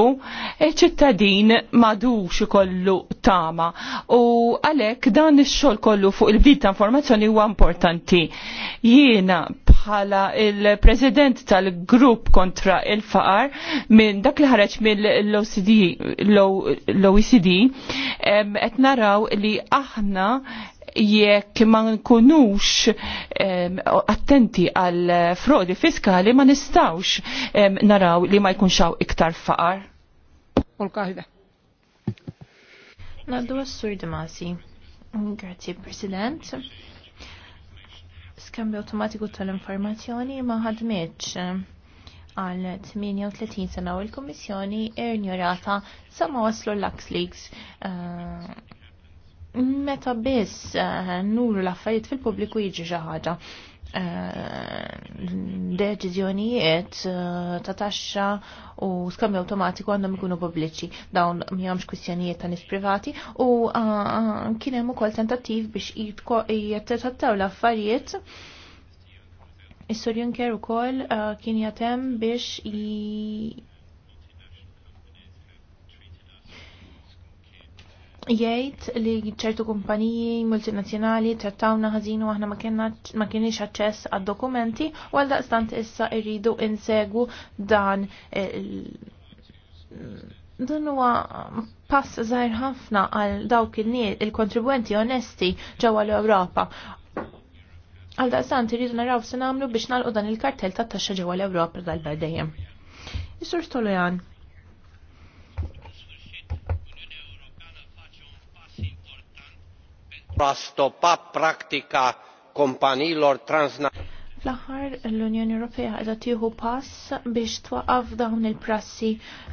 ċittadin madux kollu tama. U għalhekk dan ix-xogħol kollu fuq il-bdid ta' informazzjoni huwa importanti. Jiena bħala il-President tal-Grupp kontra il-Faqar minn dak li ħareġ mill-OECD e qed naraw li aħna jekk ma nkunux attenti għal frodi fiskali ma nistawx naraw li ma jkunx hawn iktar faqar. Ulkaħda. ħida. Naddu għas-sur Demasi. Grazie, President skambju automatiku tal-informazzjoni ma ħadmitx għal 38 sena u l-Kommissjoni irnjorata sa ma waslu l-Lux Leaks. Uh, meta biss eh, nur l-affarijiet fil-pubbliku jiġi xi ħaġa. Eh, deċiżjonijiet eh, ta' taxxa u skambju awtomatiku għandhom ikunu pubbliċi dawn mihomx kwistjonijiet ta' nies privati u kien hemm ukoll tentattiv biex jittrattaw l-affarijiet Is-Sur Juncker ukoll kien jatem biex jgħid li ċertu kumpaniji multinazzjonali trattawna ħażin u aħna ma kienx aċċess għad dokumenti u għal daqstant issa irridu insegu dan dan huwa pass żgħir ħafna għal dawk il nies il-kontribwenti onesti ġewwa l-Ewropa. Għal daqstant irridu naraw se nagħmlu biex nagħlqu dan il-kartell tat-taxxa ġewwa l-Ewropa dal-berdejjem. Is-Sur va stoppa pratika kompanilor transnazzjonali. Fl-aħħar l-Unjoni Ewropea qiegħda tieħu pass biex twaqqaf dawn il-prassi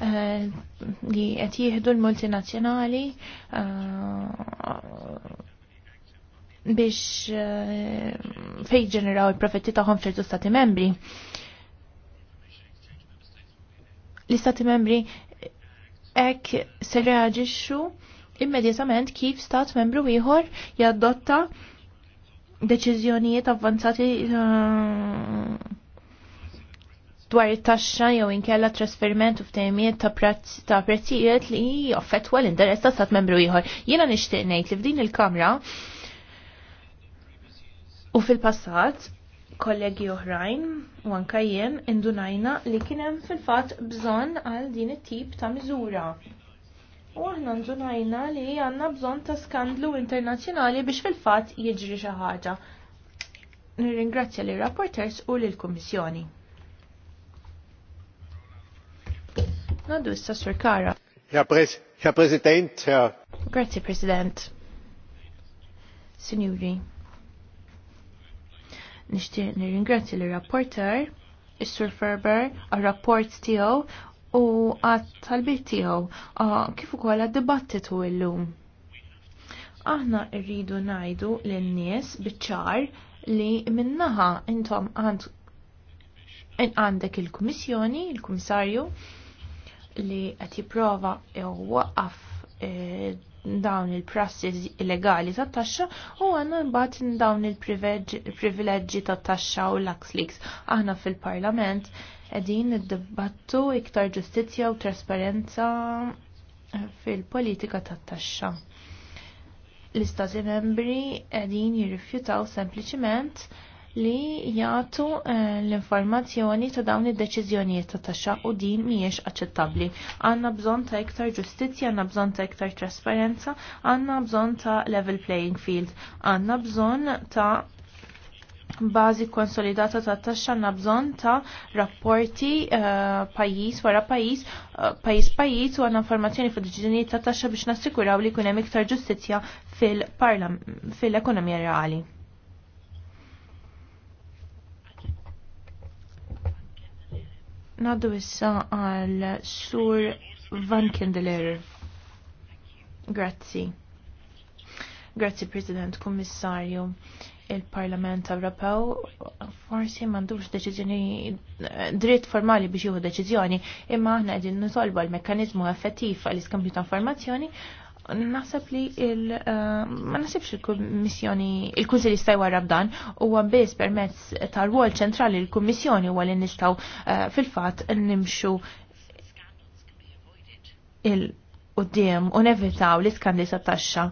eh, li qed jieħdu l-multinazzjonali eh, biex eh, fejn ġeneraw il-profitti tagħhom f'ċertu stati membri. L-istati membri hekk se reaġixxu immedjatament kif stat membru ieħor jaddotta deċiżjonijiet avvanzati eh, dwar it-taxxa jew inkella trasferiment u ftehimiet ta' prezzijiet li affettwa l-interess ta' stat membru ieħor. Jiena nixtieq ngħid li f'din il-Kamra u fil-passat kollegi oħrajn u anka jien indunajna li kien hemm fil-fatt bżonn għal din it-tip ta' miżura U aħna nġunajna li għanna bżon ta' skandlu internazzjonali biex fil-fat jiġri xi ħaġa. Nirringrazzja li rapporters u l kummissjoni Nadu issa Sur Kara. Ja President, Grazie, President. Signori. Nishtiq nirringrazzja li rapporter is-Sur Ferber a rapport tiegħu u għat tal-bit tiegħu kif ukoll il-lum. Aħna rridu ngħidu lin-nies biċ-ċar li minnaħa intom għand għandek il-Kummissjoni, il-Kummissarju li qed jipprova waqaf e, dawn il-prassi illegali tat taxxa u għanna mbagħad dawn il-privileġġi tat taxxa u l axliks Aħna fil-Parlament edin id-dibattu iktar ġustizja u trasparenza fil-politika ta taxxa L-istati membri edin jirrifjutaw sempliciment li jgħatu eh, l-informazzjoni ta' dawn id-deċiżjonijiet ta' taxxa u din mhijiex aċċettabbli. Għandna bżonn ta' iktar ġustizzja, għandna bżonn ta' iktar trasparenza, għandna bżonn ta' level playing field, għandna bżonn ta' bażi konsolidata ta' taxxa għandna bżonn ta' rapporti eh, pajjiż wara pajjiż, eh, pajjiż pajjiż u għandna informazzjoni fuq deċiżjonijiet ta' taxxa biex nassikuraw li jkun hemm iktar ġustizzja fil-ekonomija reali. Naddu issa għal Sur Van Kendeler. Grazzi. Grazzi President, Kommissarju il-Parlament Ewropew forsi m'għandux deċiżjoni dritt formali biex jieħu deċiżjoni, imma aħna qegħdin nitolbu l-mekkaniżmu effettiv għal iskambju ta' informazzjoni naħseb li il eh, ma nasibx il-kummissjoni il-kunsil jista' jwarra dan huwa biss permezz ta' wol ċentrali l-kummissjoni huwa li nistgħu eh, fil-fatt nimxu il- qudiem u nevitaw li iskandi sa taxxa.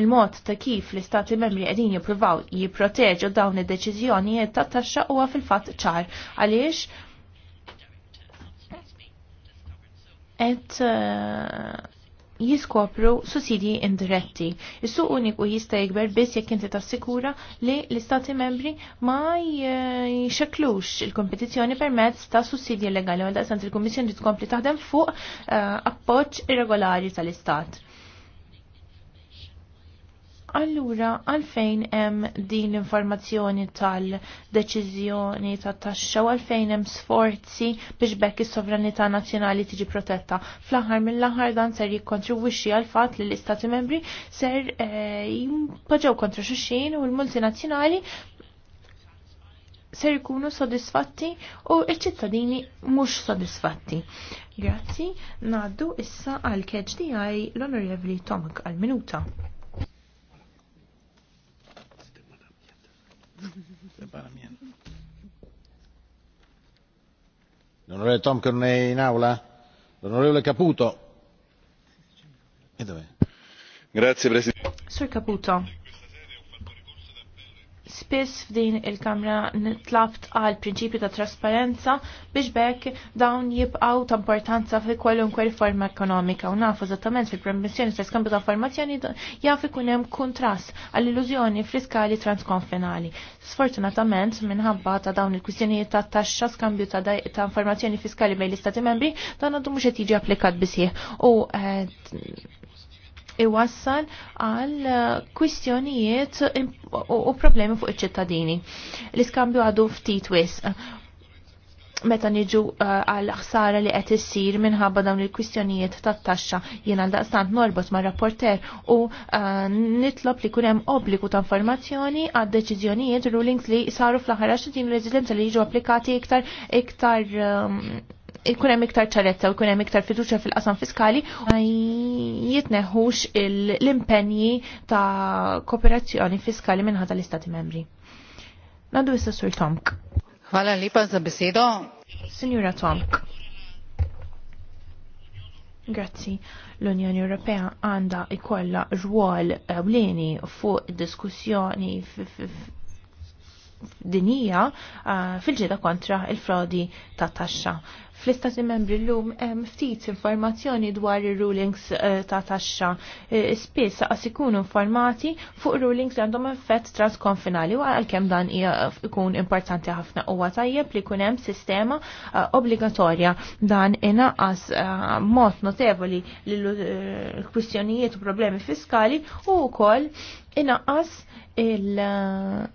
Il-mod ta' kif l-istati membri qegħdin jippruvaw jipproteġu dawn id-deċiżjonijiet ta' taxxa huwa fil-fatt ċar għaliex qed jiskopru sussidji indiretti. Is-suq uniku jista' jikber biss jekk inti tassikura li l-istati membri ma jxeklux il-kompetizzjoni permezz ta' sussidji legali. Għal daqsant il-Kummissjoni tkompli taħdem fuq eh, appoġġ irregolari tal-Istat. Allura, għalfejn hemm din l-informazzjoni tal-deċiżjoni ta' taxxa u għalfejn hemm sforzi biex bekk is-sovranità nazzjonali tiġi protetta. Fl-aħħar mill-aħħar dan ser jikkontribwixxi għal fatt li l-Istati membri ser eh, jimpoġġew kontra xulxin u l-multinazzjonali ser ikunu sodisfatti u il-ċittadini mhux sodisfatti. Grazzi, naddu issa għal-keġ l-Onorevoli Tomek għal-minuta. L'onorevole Tomkin è in aula? L'onorevole Caputo? E dov'è? Grazie Presidente. Sir Caputo. Spiss f'din il-Kamra nitlabt għal prinċipju ta' trasparenza biex bekk dawn jibqaw ta' importanza fi kwalunkwe riforma ekonomika u nafu zattament fil-premissjoni ta' skambju ta' formazzjoni jaf ikun hemm kontrast għall illużjoni friskali transkonfinali. Sfortunatament minħabba ta' dawn il-kwistjonijiet ta' taxxa skambju ta' ta' informazzjoni fiskali bejn l-Istati membri dan għadu mhux qed jiġi applikat bisih u eh, iwassal għal eh, kwistjonijiet u problemi fuq iċ-ċittadini. L-iskambju għadu ftit wisq meta niġu eh, għal ħsara li qed issir minħabba dawn il-kwistjonijiet tat-taxxa jiena għal daqstant norbot ma' rapporter u eh, nitlob li kun hemm obbligu ta' informazzjoni għad deċiżjonijiet rulings li saru fl-aħħar 10 li jiġu applikati iktar iktar ehm, ikun hemm iktar ċarezza u jkun hemm iktar fiduċja fil-qasam fiskali ma jitneħux l-impenji ta' kooperazzjoni fiskali minħata l-Istati membri. Nadu issa sur Tomk. Hvala lipa za besedo. Signora Tomk. Grazzi. L-Unjoni Ewropea għandha ikolla rwol ewlieni fuq diskussjoni dinija eh, fil-ġeda kontra il-frodi ta' taxxa. Fl-istati membri l-lum eh, ftit informazzjoni dwar il-rulings eh, ta' taxxa. Spiss għas ikunu informati fuq rulings li għandhom effett transkonfinali u għalkemm dan ikun importanti ħafna huwa tajjeb li kun hemm sistema obbligatorja dan inaqas mod notevoli l-kwistjonijiet u problemi fiskali u wkoll inaqas il-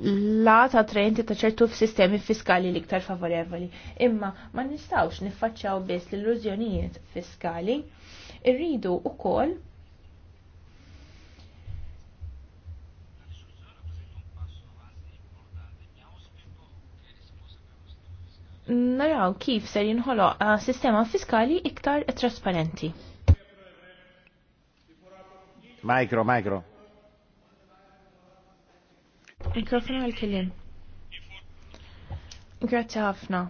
la ta' trenti ta' ċertu f'sistemi fiskali liktar favorevoli. Imma ma nistawx nifacċaw biss l-illużjonijiet fiskali, irridu u kol naraw kif ser jinħolo eh, sistema fiskali iktar trasparenti. Micro, micro. Mikrofon għal-kellim. Grazie ħafna.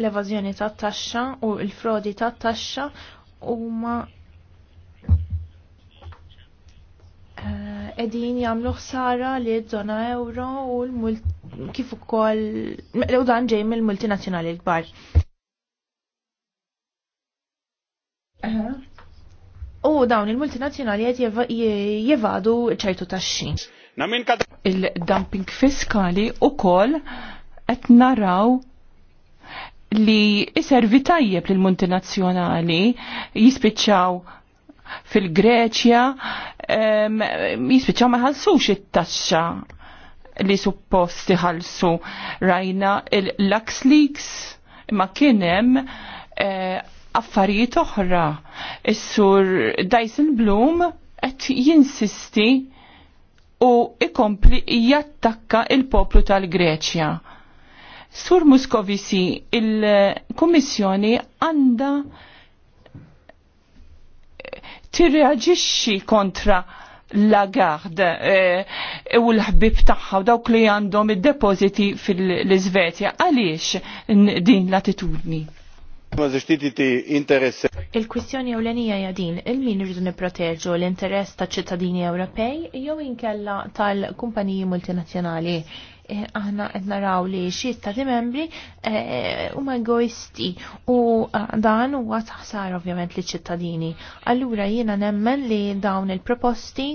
L-evażjoni ta' taxxa u l-frodi ta' taxxa huma eh, edin jagħmlu ħsara li żona euro u kif ukoll u dan ġej mill-multinazzjonali l-kbar. U dawn il-multinazzjonali qed jevadu ċertu taxxi. Il-dumping fiskali u kol qed naraw li iservi tajjeb lil multinazzjonali jispiċċaw fil-Greċja jispiċċaw ma ħalsux it-taxxa li supposti ħalsu rajna il-Lux Leaks ma kienem eh, affarijiet oħra. Is-sur Dyson Bloom qed jinsisti u ikompli jattakka il-poplu tal-Greċja. Sur Muscovici, il-Kommissjoni għanda tirreagixxi kontra Lagard eh, u l-ħbib tagħha u dawk li għandhom id fil-Iżvezja. Għaliex din l-attitudni? Il-kwistjoni ewlenija hija din il-min irridu nipproteġu l-interess ta' ċittadini Ewropej jew inkella tal-kumpaniji multinazzjonali. Eh, aħna qed naraw li xi stati membri eh, huma egoisti u eh, dan huwa taħsar ovvjament liċ ċittadini. Allura jiena nemmen li dawn il-proposti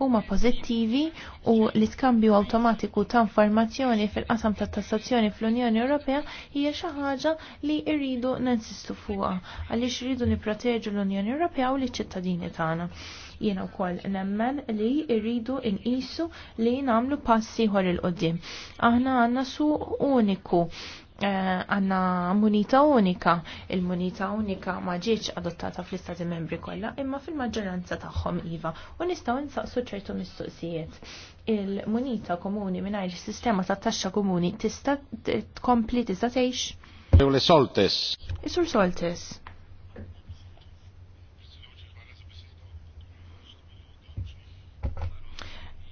huma pożittivi u l-iskambju awtomatiku ta' informazzjoni fil-qasam ta' tassazzjoni fl-Unjoni Ewropea hija xi ħaġa li rridu ninsistu fuqha għaliex rridu nipproteġu l-Unjoni Ewropea u l-ċittadini tagħna. Jiena wkoll nemmen li rridu nqisu li nagħmlu passi ħor il-qudiem. Aħna għandna suq uniku Eh, għanna munita unika. Il-munita unika ma ġietx adottata fl-istati membri kollha, imma fil-maġġoranza tagħhom iva u nistaw nsaqsu ċertu mistoqsijiet. Il-munita komuni mingħajr sistema ta' taxxa komuni tista' tkompli tista' tgħix. Soltes. Isur Soltes.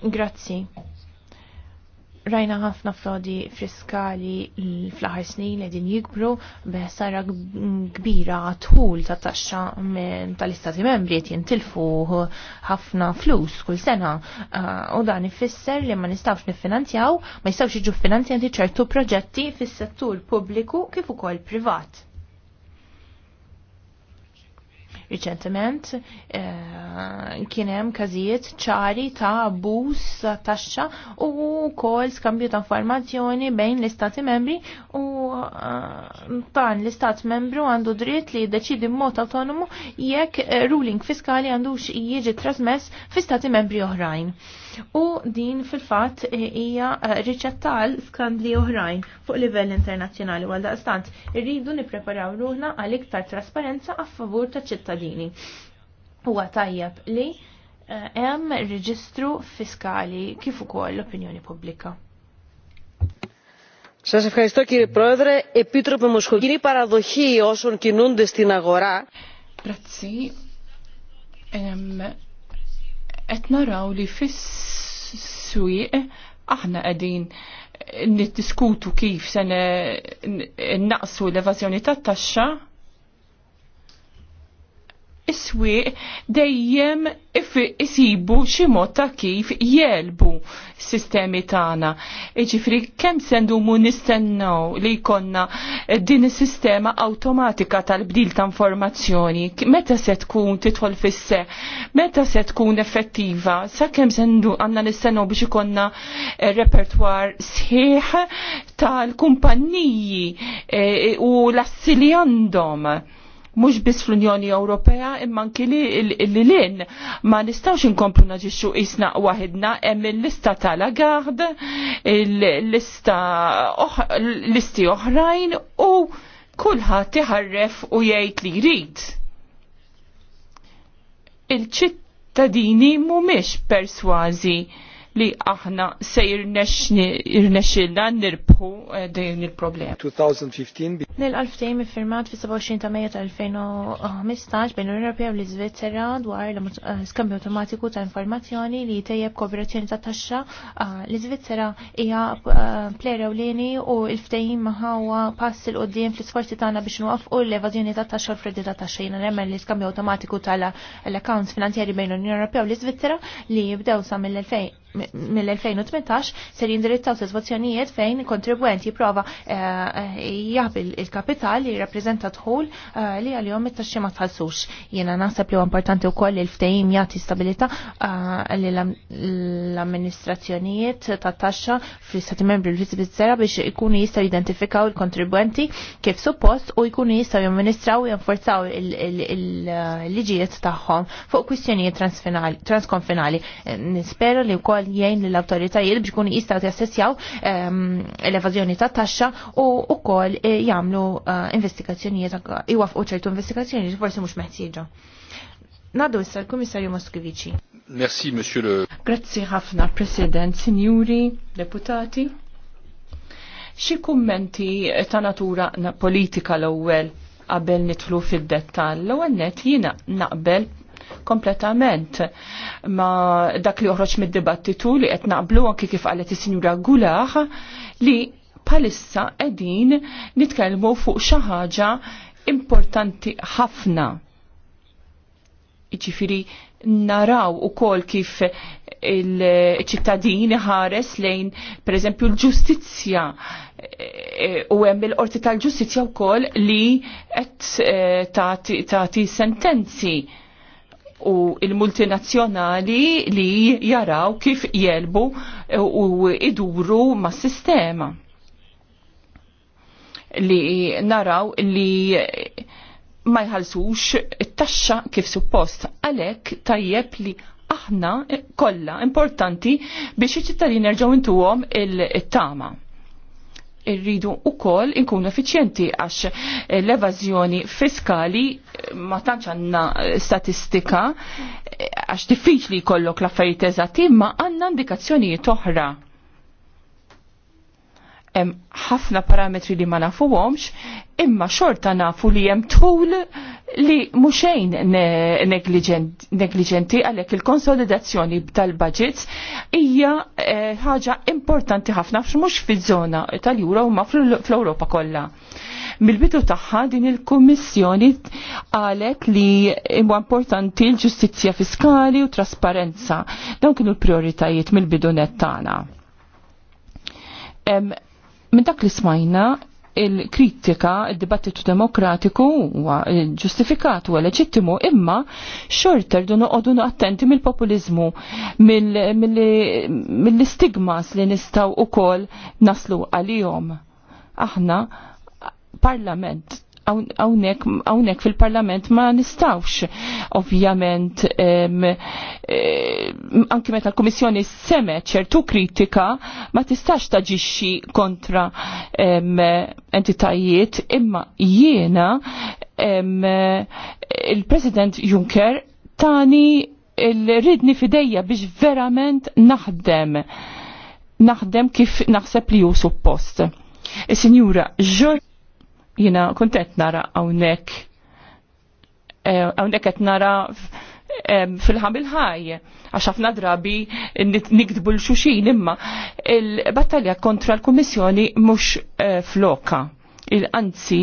Grazzi rajna ħafna frodi friskali fl-aħħar snin li din jikbru b'ħsara kbira tħul ta' taxxa tal-Istati Membri qed jintilfu ħafna flus kull sena ah, u dan ifisser li ma nistgħux niffinanzjaw ma jistgħux jiġu finanzjati ċertu proġetti fis-settur pubbliku kif ukoll privat. Riċentement eh, kien hemm każijiet ċari ta' abbuż taxxa u kol skambju ta' informazzjoni bejn l-istati membri u eh, dan l-istat membru għandu dritt li jiddeċidi mod autonomu jekk eh, ruling fiskali għandux jiġi trasmess fi stati membri oħrajn u din fil-fatt eh, hija eh, riċetta għal skandli oħrajn fuq livell internazzjonali għal daqstant irridu nippreparaw ruħna għal iktar trasparenza a favur ta' ċittadini. Huwa tajjeb li eh, hemm reġistru fiskali kif ukoll l-opinjoni pubblika. Σας ευχαριστώ κύριε Πρόεδρε. Επίτροπε Μοσχολή, είναι η παραδοχή όσων κινούνται στην αγορά. Grazie qed naraw li fis-swieq aħna qegħdin niddiskutu kif se naqsu l-evażjoni tat-taxxa is-swieq dejjem isibu xi mod ta' kif jelbu s-sistemi tagħna. Iġifri kemm sendumu nistennew li jkollna din is-sistema awtomatika tal-bdil ta' informazzjoni, meta se tkun titħol fisse, meta se tkun effettiva, sakemm se sendu għandna nistennew biex ikonna repertwar sħiħ tal-kumpanniji eh, u l-assi li għandhom mhux biss fl-Unjoni Ewropea imma anki li lin ma nistgħux inkomplu naġixxu isna waħedna hemm il-lista tal-agard, il-lista listi oħrajn u kulħadd iħarref u jgħid li jrid. Il-ċittadini mhumiex persważi li aħna se jirnexxilna nirbħu eh, din il-problema. 2015 Nil-2000 iffirmat fi 27 ta' Mejja ta' 2015 bejn l-Unjoni Ewropea u l-Iżvizzera dwar l-skambju eh, automatiku ta' informazzjoni li tejjeb kooperazzjoni ta' taxxa. Ah, L-Iżvizzera hija eh, plera ewlieni u l-ftehim maħawa pass il qudiem fl-isforzi tagħna biex nwafqu l-evażjoni ta' taxxa u l freddi ta' taxxa. Jiena nemmen l-iskambju automatiku tal-accounts finanzjari bejn l-Unjoni Ewropea u l-Iżvizzera li jibdew sa mill-2000 mill-2018 ser jindirizzaw sitwazzjonijiet fejn il-kontribwenti jipprova jaħbil il-kapital li jirrappreżenta dħul li għal-jom it-taxxi ma tħallsux. Jiena naħseb li huwa importanti wkoll il-ftehim jagħti stabilità l-amministrazzjonijiet tat-taxxa fl-Istati Membri l-Viżbizzera biex ikunu jistgħu jidentifikaw il-kontribwenti kif suppost u jkunu jistgħu jamministraw u janforzaw il-liġijiet tagħhom fuq kwistjonijiet transkonfinali. Nispera li wkoll jgħin lill awtoritajiet biex kun jistgħu jassessjaw ehm, l evazjoni ta' taxxa u wkoll eh, jagħmlu eh, investigazzjonijiet iwafqu ċertu investigazzjonijiet forsi mhux meħtieġa. Nadu issa l-Kummissarju Moskvici. Merci, Monsieur le... Grazzi ħafna, President, Signuri, Deputati. Xi kummenti ta' natura politika l-ewwel qabel nitlu fid-dettall. L-ewwel net jiena naqbel kompletament ma dak li uħroċ mid-dibattitu li qed naqblu anki kif qalet is-Sinjura Gulaħ li palissa qegħdin nitkellmu fuq xi ħaġa importanti ħafna. Iġifiri naraw u kol kif il-ċittadini ħares lejn, per eżempju, l-ġustizja u hemm il-qorti tal-ġustizja wkoll li qed eh, tagħti sentenzi u il-multinazzjonali li jaraw kif jelbu u iduru ma' sistema. Li naraw li ma jħalsux it-taxxa kif suppost. Għalek tajjeb li aħna kollha importanti biex iċ-ċittadini nerġgħu intuhom il-tama. il tama irridu u kol inkun effiċjenti għax eh, l-evazjoni fiskali eh, ma tantx għandna eh, statistika għax diffiċli jkollok l-affarijiet eżatti ma għandna indikazzjonijiet oħra hemm ħafna parametri li ma nafuhomx, imma xorta nafu li hemm tul li muxejn negligenti għalek il-konsolidazzjoni tal-budgets hija eh, ħaġa importanti ħafna mhux fiż-żona tal u ma fl-Ewropa kollha. Mil-bidu tagħha din il-Kummissjoni għalek li huwa importanti l-ġustizzja fiskali u trasparenza. Dawn kienu l-prioritajiet mill-bidu net tagħna. Minn dak li smajna il-kritika, il-dibattitu demokratiku huwa ġustifikat huwa leġittimu, imma xorter dunu għodunu attenti mill-populizmu, mill-istigmas li nistgħu kol naslu għalihom. Aħna parlament hawnhekk fil-Parlament ma nistawx ovvjament anki meta l-Kummissjoni seme ċertu kritika ma tistax taġixxi kontra entitajiet imma jiena il-President Juncker tani il-ridni fidejja biex verament naħdem naħdem kif naħseb li ju suppost. E, signora, ġor Jina kuntet nara għawnek eh, għawnek għet nara eh, fil-ħamil ħaj, għax ħafna drabi nikdbu l-xuxin imma il-battalja kontra l-Komissjoni mux eh, floka. Il-anzi,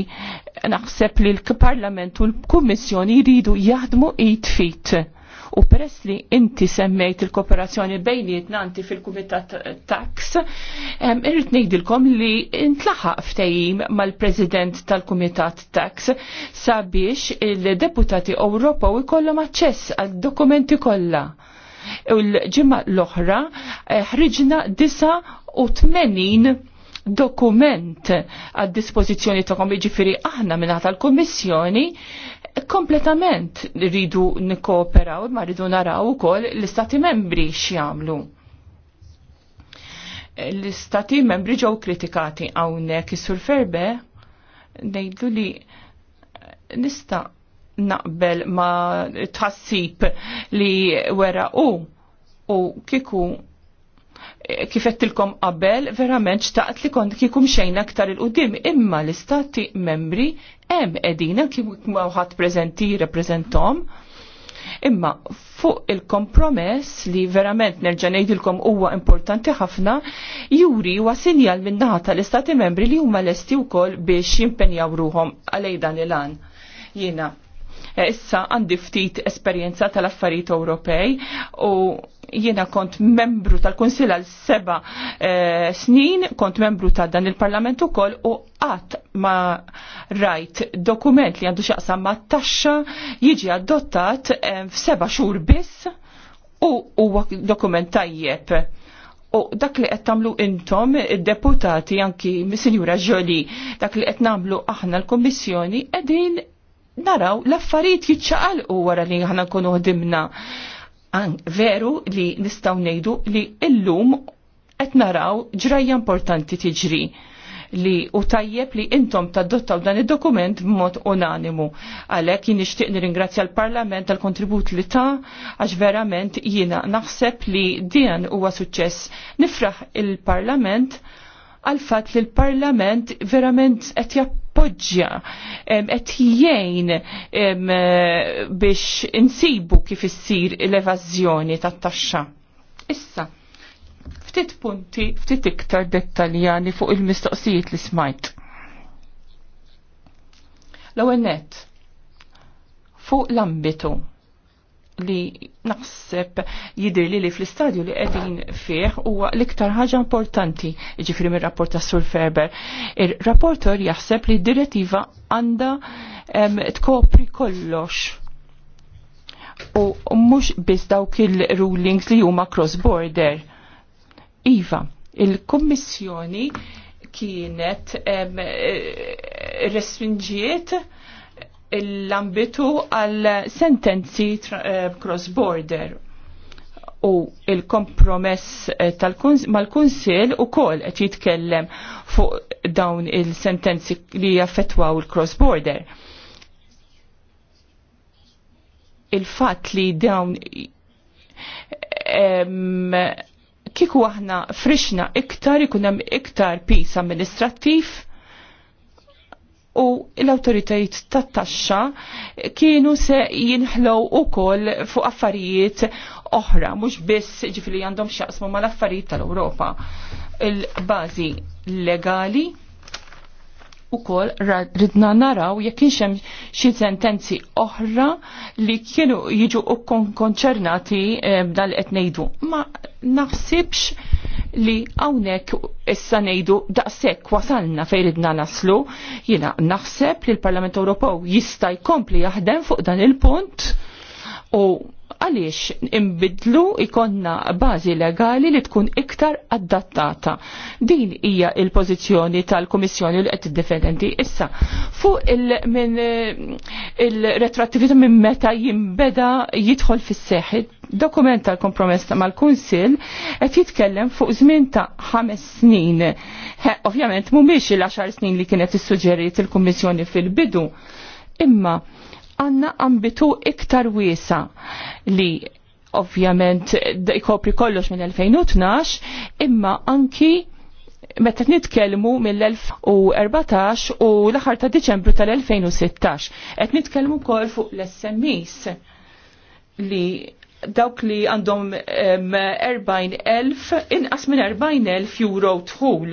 naħseb li l-Parlament u l-Komissjoni jridu jaħdmu it-fit u peress li inti semmejt il-kooperazzjoni bejnietna anti fil-Kumitat Tax, irrit ngħidilkom li intlaħaq ftejim mal-President tal-Kumitat Tax sabiex il-deputati u jkollhom aċċess għad-dokumenti kollha. U l-ġimgħa l-oħra eh, ħriġna disa u tmenin dokument għad dispożizzjoni ta' kom jiġifieri aħna minna tal komissjoni kompletament rridu nikkooperaw, ma rridu naraw ukoll l-istati membri x'jagħmlu. L-istati membri ġew kritikati hawnhekk is-Sur Ferbe ngħidu li nista' naqbel ma tħassib li wera u u kiku kifettilkom qabel, verament xtaqt li kont kikum xejn aktar il-qudiem, imma l-istati membri hemm edina kif ħadd preżenti reprezentom. Imma fuq il-kompromess li verament nerġa' ngħidilkom huwa importanti ħafna, juri huwa sinjal min-naħa tal-istati membri li huma lesti wkoll biex jimpenjaw ruhom għalej dan il-an. Jiena Eh, issa għandi ftit esperjenza tal-affarijiet Ewropej u jiena kont membru tal-Kunsil għal seba eh, snin, kont membru ta' dan il-Parlament ukoll u qatt ma rajt dokument li għandu xaqsam ma' taxxa jiġi adottat eh, f'seba' xhur biss u huwa dokument tajjeb. U dak li qed tagħmlu intom id-deputati anki Sinjura Ġoli, dak li qed nagħmlu aħna l-Kummissjoni qegħdin naraw l-affarijiet jitċaqalqu wara li ħana nkunu ħdimna. Veru li nistaw nejdu li illum qed naraw ġrajja importanti tiġri li u tajjeb li intom tadottaw dan id-dokument b'mod unanimu. Għalhekk jien nixtieq nirringrazzja l-Parlament għal kontribut li ta' għax verament jiena naħseb li din huwa suċċess. Nifraħ il-Parlament il parlament għal fat li l-Parlament verament qed jappoġġja qed jgħin biex insibu kif issir l-evażjoni tat-taxxa. Issa, ftit punti, ftit iktar dettaljani fuq il-mistoqsijiet li smajt. L-ewwel fuq l-ambitu li naħseb jidir li li fl-istadju li qegħdin fih huwa l-iktar ħaġa importanti ġifri mir-rapport ta' Sur Ferber. ir rapportor jaħseb li d-direttiva għandha tkopri kollox u mhux biss dawk il-rulings li huma cross-border. Iva, il-Kommissjoni kienet restringiet l-ambitu għal sentenzi eh, cross-border u il-kompromess eh, mal-kunsil u kol qed jitkellem fuq dawn il-sentenzi li jaffetwaw il-cross-border. Il-fat li dawn kiku aħna frixna iktar ikun hemm iktar pis amministrattiv u l-autoritajt tat taxxa kienu se jinħlow ukoll fuq affarijiet oħra, mhux biss ġifri għandhom xaqsmu mal-affarijiet tal-Ewropa. Il-bażi legali ukoll ridna naraw jekk kienx hemm xi sentenzi oħra li kienu jiġu konċernati eh, b'dan qed ngħidu. Ma naħsibx li hawnhekk issa ngħidu daqshekk wasalna fejn naslu, jiena naħseb li l-Parlament Ewropew jista' jkompli jaħdem fuq dan il-punt u għaliex imbidlu ikonna bażi legali li tkun iktar adattata. Din hija il-pożizzjoni tal-Kummissjoni li qed defendenti issa fuq il-retrattività minn meta jimbeda jidħol fis-seħħ dokument tal-kompromess mal-Kunsil qed jitkellem fuq żmien ta' ħames snin. Ovvjament mhumiex il għaxar snin li kienet issuġġeriet il-Kummissjoni fil-bidu. Imma għanna ambitu iktar wiesa li ovvjament ikopri kollox minn 2012 imma anki meta nitkellmu mill-2014 u l-aħħar ta' Diċembru tal-2016 qed nitkellmu wkoll fuq l-SMEs li dawk li għandhom 40,000 inqas minn 40,000 euro tħul.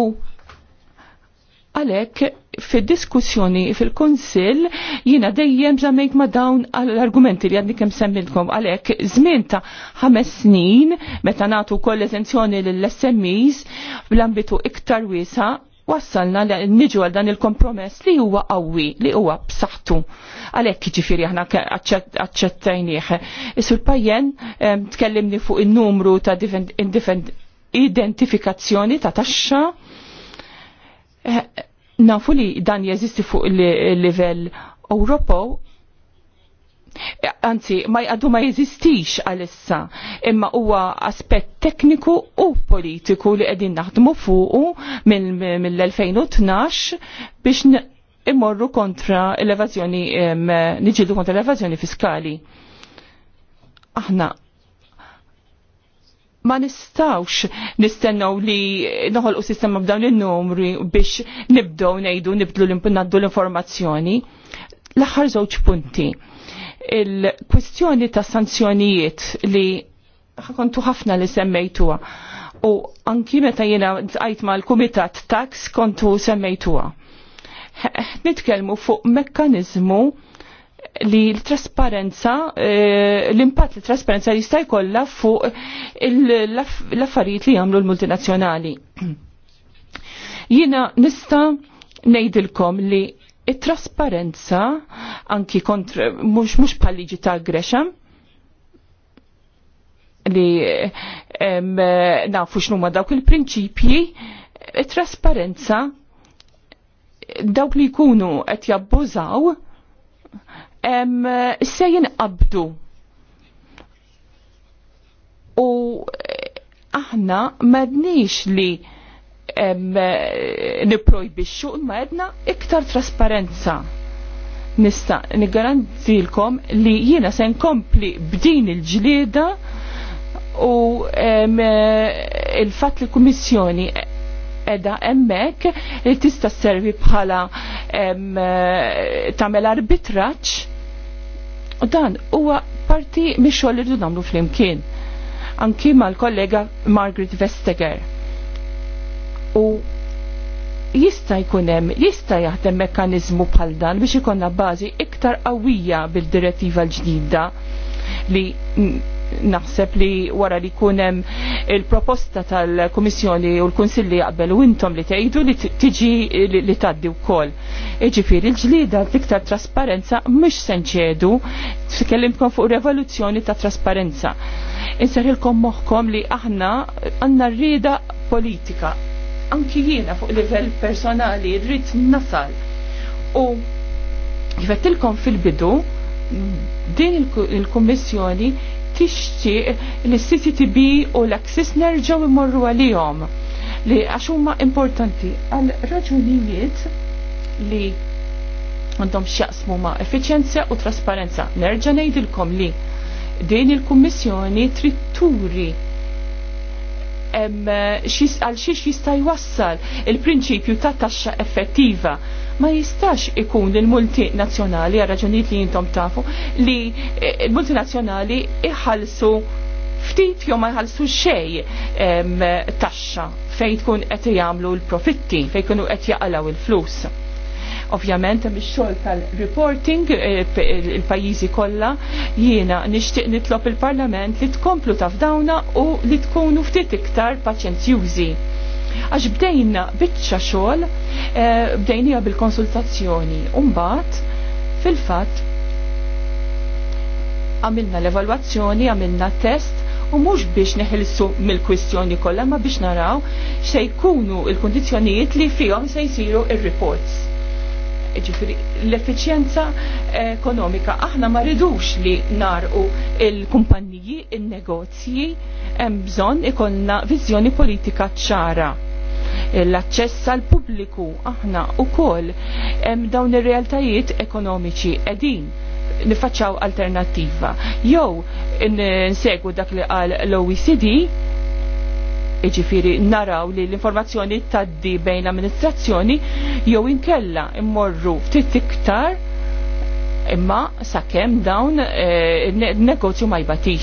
U għalhekk fi diskussjoni fil-konsil jina dejjem zamejt ma dawn l-argumenti li għadni kem semmilkom għalek zmin ta' ħames snin meta natu koll eżenzjoni l-SMEs bl-ambitu iktar wisa wassalna li niġu għal dan il-kompromess li huwa qawwi, li huwa b'saħħtu. Għalhekk jiġifieri aħna aċċettajnieh. Isur pajjen tkellimni fuq in-numru ta' identifikazzjoni ta' taxxa eh, nafu li dan jeżisti fuq il-livell Ewropew e, anzi ma jgħaddu ma jeżistix għalissa imma huwa aspett tekniku u politiku li qegħdin naħdmu fuqu mill-2012 biex immorru kontra l-evażjoni niġidu kontra l-evażjoni fiskali. Aħna ma nistawx nistennaw li noħolqu sistema b'dawn il-numri biex nibdow nejdu nibdlu l-impunaddu l-informazzjoni. L-aħħar żewġ punti. Il-kwistjoni ta' sanzjonijiet li kontu ħafna li semmejtuha u anki meta jiena tqajt mal-kumitat tax kontu semmejtuha. Nitkellmu fuq mekkanizmu li l-trasparenza, eh, l-impatt li trasparenza jista' jkollha fuq l-affarijiet li jagħmlu l-multinazzjonali. Jiena nista' ngħidilkom li it-trasparenza anki kontra mhux mhux palliġi ta' Gresham li nafu x'numa dawk il-prinċipji, it-trasparenza dawk li jkunu qed jabbużaw se jinqabdu. U eh, aħna madnix li niprojbixxu imma għedna iktar trasparenza. Nista' nigarantilkom li jiena se nkompli b'din il-ġlieda u il-fatt li kummissjoni edha emmek li tista' servi bħala tagħmel arbitraġġ U dan huwa parti mix-xogħol li namlu nagħmlu flimkien. Anki mal-kollega Margaret Vestager. U jista' jkun hemm, jista' jaħdem mekkaniżmu bħal dan biex ikonna bażi iktar qawwija bil-direttiva l-ġdida li naħseb li wara li jkun hemm il-proposta tal-Komissjoni u l-Konsilli u intom li tgħidu li tiġi li tgħaddi wkoll. Iġifieri l-ġlida l-iktar trasparenza mhux se nċedu tkellimkom fuq revoluzzjoni ta' trasparenza. Inserħilkom moħħkom li aħna għandna rrieda politika. Anki jiena fuq livell personali rrid nasal. U kifettilkom fil-bidu din il-Kommissjoni il kummissjoni il tixtieq li CCTB u l-Axis nerġgħu imorru għalihom li għax huma importanti għal raġunijiet li għandhom x'jaqsmu ma' efficienza u trasparenza. Nerġa' ngħidilkom li din il-Kummissjoni trid turi għal xiex jista' jwassal il-prinċipju ta' taxxa effettiva ma jistax ikun il multinazzjonali għarraġunit għal li jintom tafu li eh, il multinazzjonali iħalsu ftit jew ma jħallsu xejn taxxa fejn tkun qed jagħmlu l-profitti, fej kunu qed jaqalaw il-flus. Ovvjament hemm ix-xogħol tal-reporting eh, il-pajjiżi kollha jiena nixtieq nitlob il-Parlament li tkomplu tafdawna u li tkunu ftit iktar paċenzjużi Għax bdejna bitċa xogħol eh, bdejnija bil-konsultazzjoni. Umbat, fil-fatt, għamilna l-evalwazzjoni, għamilna test, u mhux biex neħilsu mill-kwistjoni kollha ma biex naraw se jkunu l kundizzjonijiet li fihom se jsiru il reports ġifiri l efficienza ekonomika. Aħna ma ridux li narqu il-kumpanniji, il-negozji, hemm bżonn ikollna viżjoni politika ċara l-aċċess għal pubbliku aħna u koll dawn ir-realtajiet ekonomiċi qegħdin nifaċċaw alternativa. Jew nsegwu dak li qal l-OECD Iġifiri naraw li l-informazzjoni taddi bejn l-amministrazzjoni jew inkella immorru ftit iktar imma sakemm dawn il-negozju eh, ma jbatix.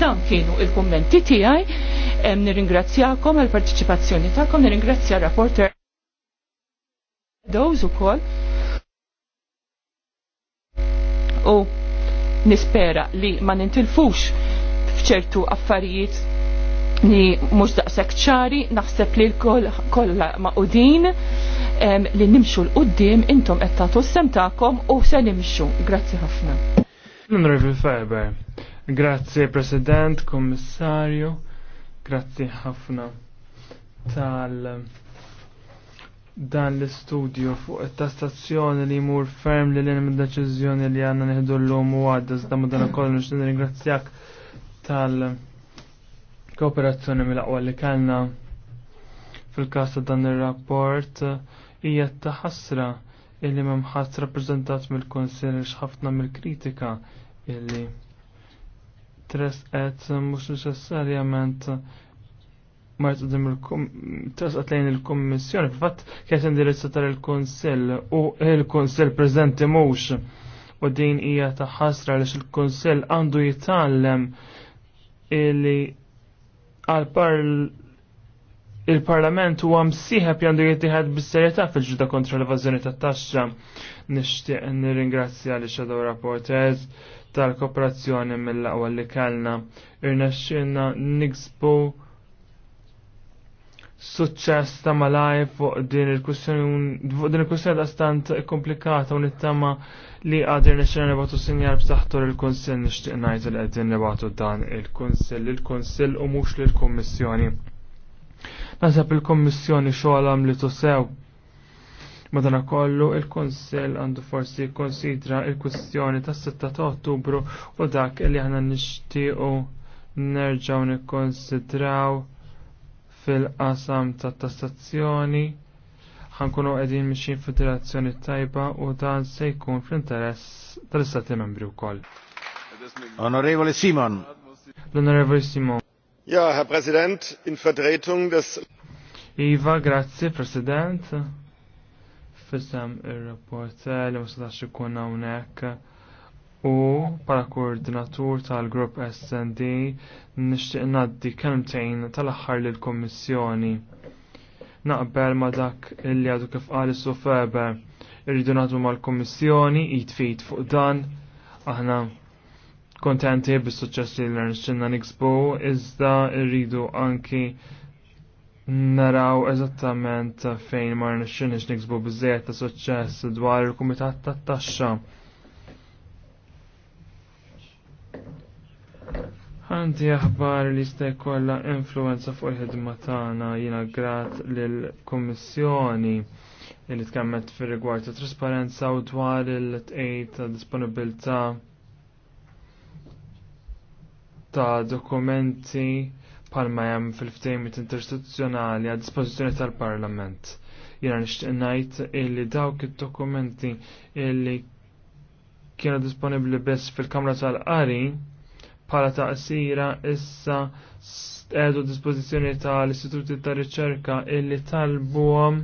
Dan kienu il kummenti tiegħi nirringrazzjakom għal parteċipazzjoni tagħkom, nirringrazzja rapporter Dawż ukoll. U nispera li ma nintilfux f'ċertu affarijiet li mux daqsek ċari, naħseb li l-kolla maqudin li nimxu l-qoddim intom qed tagħtu semtakom u se nimxu. Grazzi ħafna. Honorable Faber, grazzi President, Kommissarju, grazzi ħafna tal dan l-istudju fuq it-tastazzjoni li jmur ferm li l-in deċiżjoni li għanna neħdu l-lum u għadda da dan ukoll nix tal- Kooperazzjoni mill-aqwa li kellna fil-każ ta' dan ir-rapport eh, hija taħassra illi m'ħadd rappreżentat mill kunsill li ħafna mill-kritika illi tres qed mhux neċessarjament ma jtqdim il-tasqat lejn il-kommissjoni, fil-fatt kienet indirizzata il konsil u il konsil prezenti mhux u din hija taħasra għaliex il konsil għandu jitgħallem illi il-Parlament huwa siħab jandu jittiħad bis-serjetà fil-ġuda kontra l-evażjoni tat-taxxa. Nixtieq nirringrazzja li xadow rapportez tal-kooperazzjoni mill-aqwa li kellna. Irnexxilna nixbu suċċess ta' malaj fuq din il-kussjoni fuq din il-kussjoni da' stant komplikata u nittama li għadir nixxina nebatu sinjar b'saħħtu il-Kunsill nixtieq ngħid li qegħdin dan il-Kunsill il-Kunsill u mhux lill-Kummissjoni. Nasab il-Kummissjoni xogħol li tusew. Madana kollu il konsil għandu forsi konsidra il-kwistjoni tas-6 ta' Ottubru u dak li aħna nixtiequ nerġgħu nikkonsidraw fil-qasam ta' tassazzjoni ħankunu qegħdin mixin fid-direzzjoni tajba u dan se jkun fl-interess tal-Istati Membri wkoll. Onorevole Simon. L-Onorevole Simon. Ja, Herr Präsident, in Vertretung des Iva, grazie, President. Fissam il-rapport l-mustaxi ikun hawnhekk U bħala koordinatur tal-grupp SND nixtieq ngħaddi kelmtejn tal-aħħar lil kommissjoni. Naqbel ma dak illi għadu kif qal is Feber irridu nagħtu mal-Kummissjoni jitfid fuq dan aħna kontenti bis-suċċess li rnixxinna niksbu iżda rridu anki naraw eżattament fejn ma rnexxinix niksbu biżejjed ta' suċċess dwar il-Kumitat tat-Taxxa. Għandi aħbar li jista' kolla influenza fuq il-ħidma tagħna jiena grat lill-Kummissjoni li tkemmet fir-rigward ta' trasparenza u dwar il-tqejt ta' disponibilità ta' dokumenti palma jem fil-ftejmit interstituzzjonali għad dispożizzjoni tal-Parlament. Jena nixtieq ngħid illi dawk id-dokumenti illi kienu disponibbli biss fil-Kamra tal-Qari bħala taqsira issa għedu dispozizjoni tal-istituti ta' riċerka illi talbuhom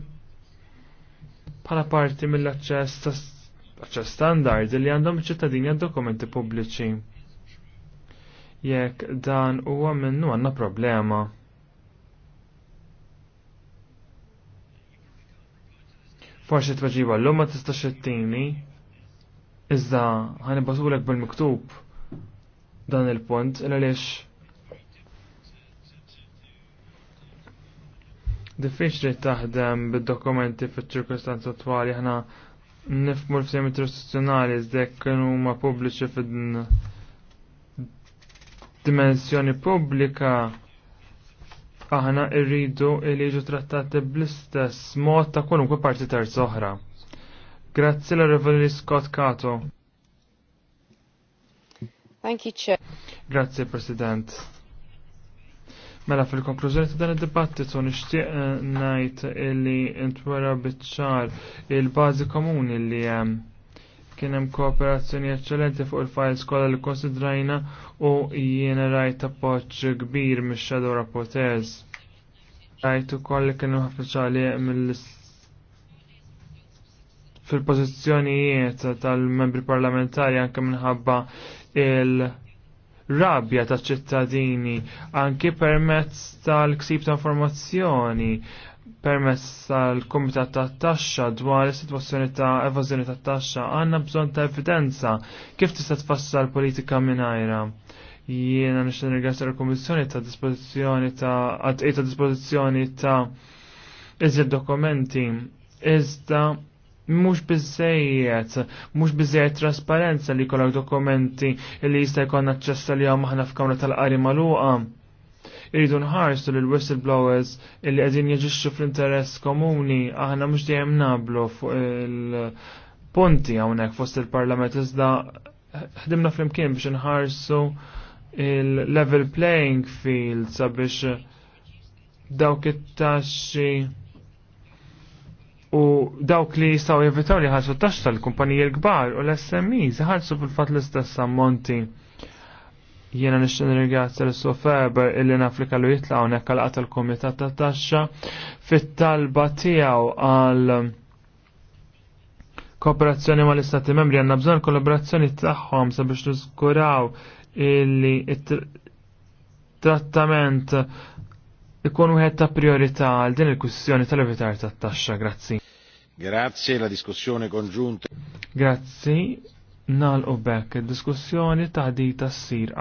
bħala parti mill-aċċess standard illi għandhom ċittadini għad dokumenti pubbliċi. Jekk dan huwa minnu għandna problema. Forsi tfaġiba l-lum ma tistax ittini, iżda ħanibbasulek bil-miktub dan il-punt għaliex diffiċli taħdem bid-dokumenti fit ċirkostanza attwali ħna nifmu l-ftehim istituzzjonali iżdek kienu ma pubbliċi fid dimensjoni pubblika aħna irridu il jiġu trattati bl-istess mod ta' kwalunkwe parti terz oħra. Grazzi l Scott Cato. Thank you, Chair. Grazie, President. Mela fil-konklużjoni ta' dan id-dibattitu nixtieq eh, ngħid illi ntwera biċ-ċar il-bażi komuni li hemm kien hemm kooperazzjoni eċċellenti fuq il-files kollha li konsidrajna u jiena rajt appoġġ kbir mix-shadow rapporteurs. Rajt ukoll li kienu uffiċjali mill fil-pożizzjonijiet tal-membri parlamentari anke minħabba il-rabja ta' ċittadini anki permezz tal-ksib ta' informazzjoni permess tal-Komitat ta' Taxxa dwar is-sitwazzjoni ta' evażjoni ta' taxxa għandna bżonn ta' evidenza kif tista' tfassal politika mingħajra. Jiena nixtieq nirgrazzja l-Kummissjoni ta' dispożizzjoni ta' għad ta' dispożizzjoni ta' iżjed dokumenti iżda mux bizzejiet, mux bizzejiet trasparenza li kollok dokumenti li jista' jkonna ċessa li għom maħna f'kamra tal-qari maluqa. Iridu nħarsu l whistleblowers li qegħdin jiġixxu fl-interess komuni aħna mhux dejjem nablu fuq il-punti hawnhekk fost il-Parlament iżda ħdimna flimkien biex nħarsu il-level playing field sabiex dawk it-taxxi u dawk li jistaw jevitaw li ħalsu taxxa l-kumpaniji l-kbar u l-SMEs ħalsu fil-fat l-istess ammonti. Jena nixtin ringrazzja l soferber illi nafrika li jitla unek għal għata l-komitat ta' taxxa fit-talba tiegħu għal kooperazzjoni ma l-istati membri għanna bżon kollaborazzjoni tagħhom sabiex niżguraw illi trattament ikun wieħed ta' priorità għal din il-kwistjoni tal-evitar tat-taxxa, grazzi. Grazzi la diskussjoni konġunta. Grazzi, nal u bekk diskussjoni ta' di sir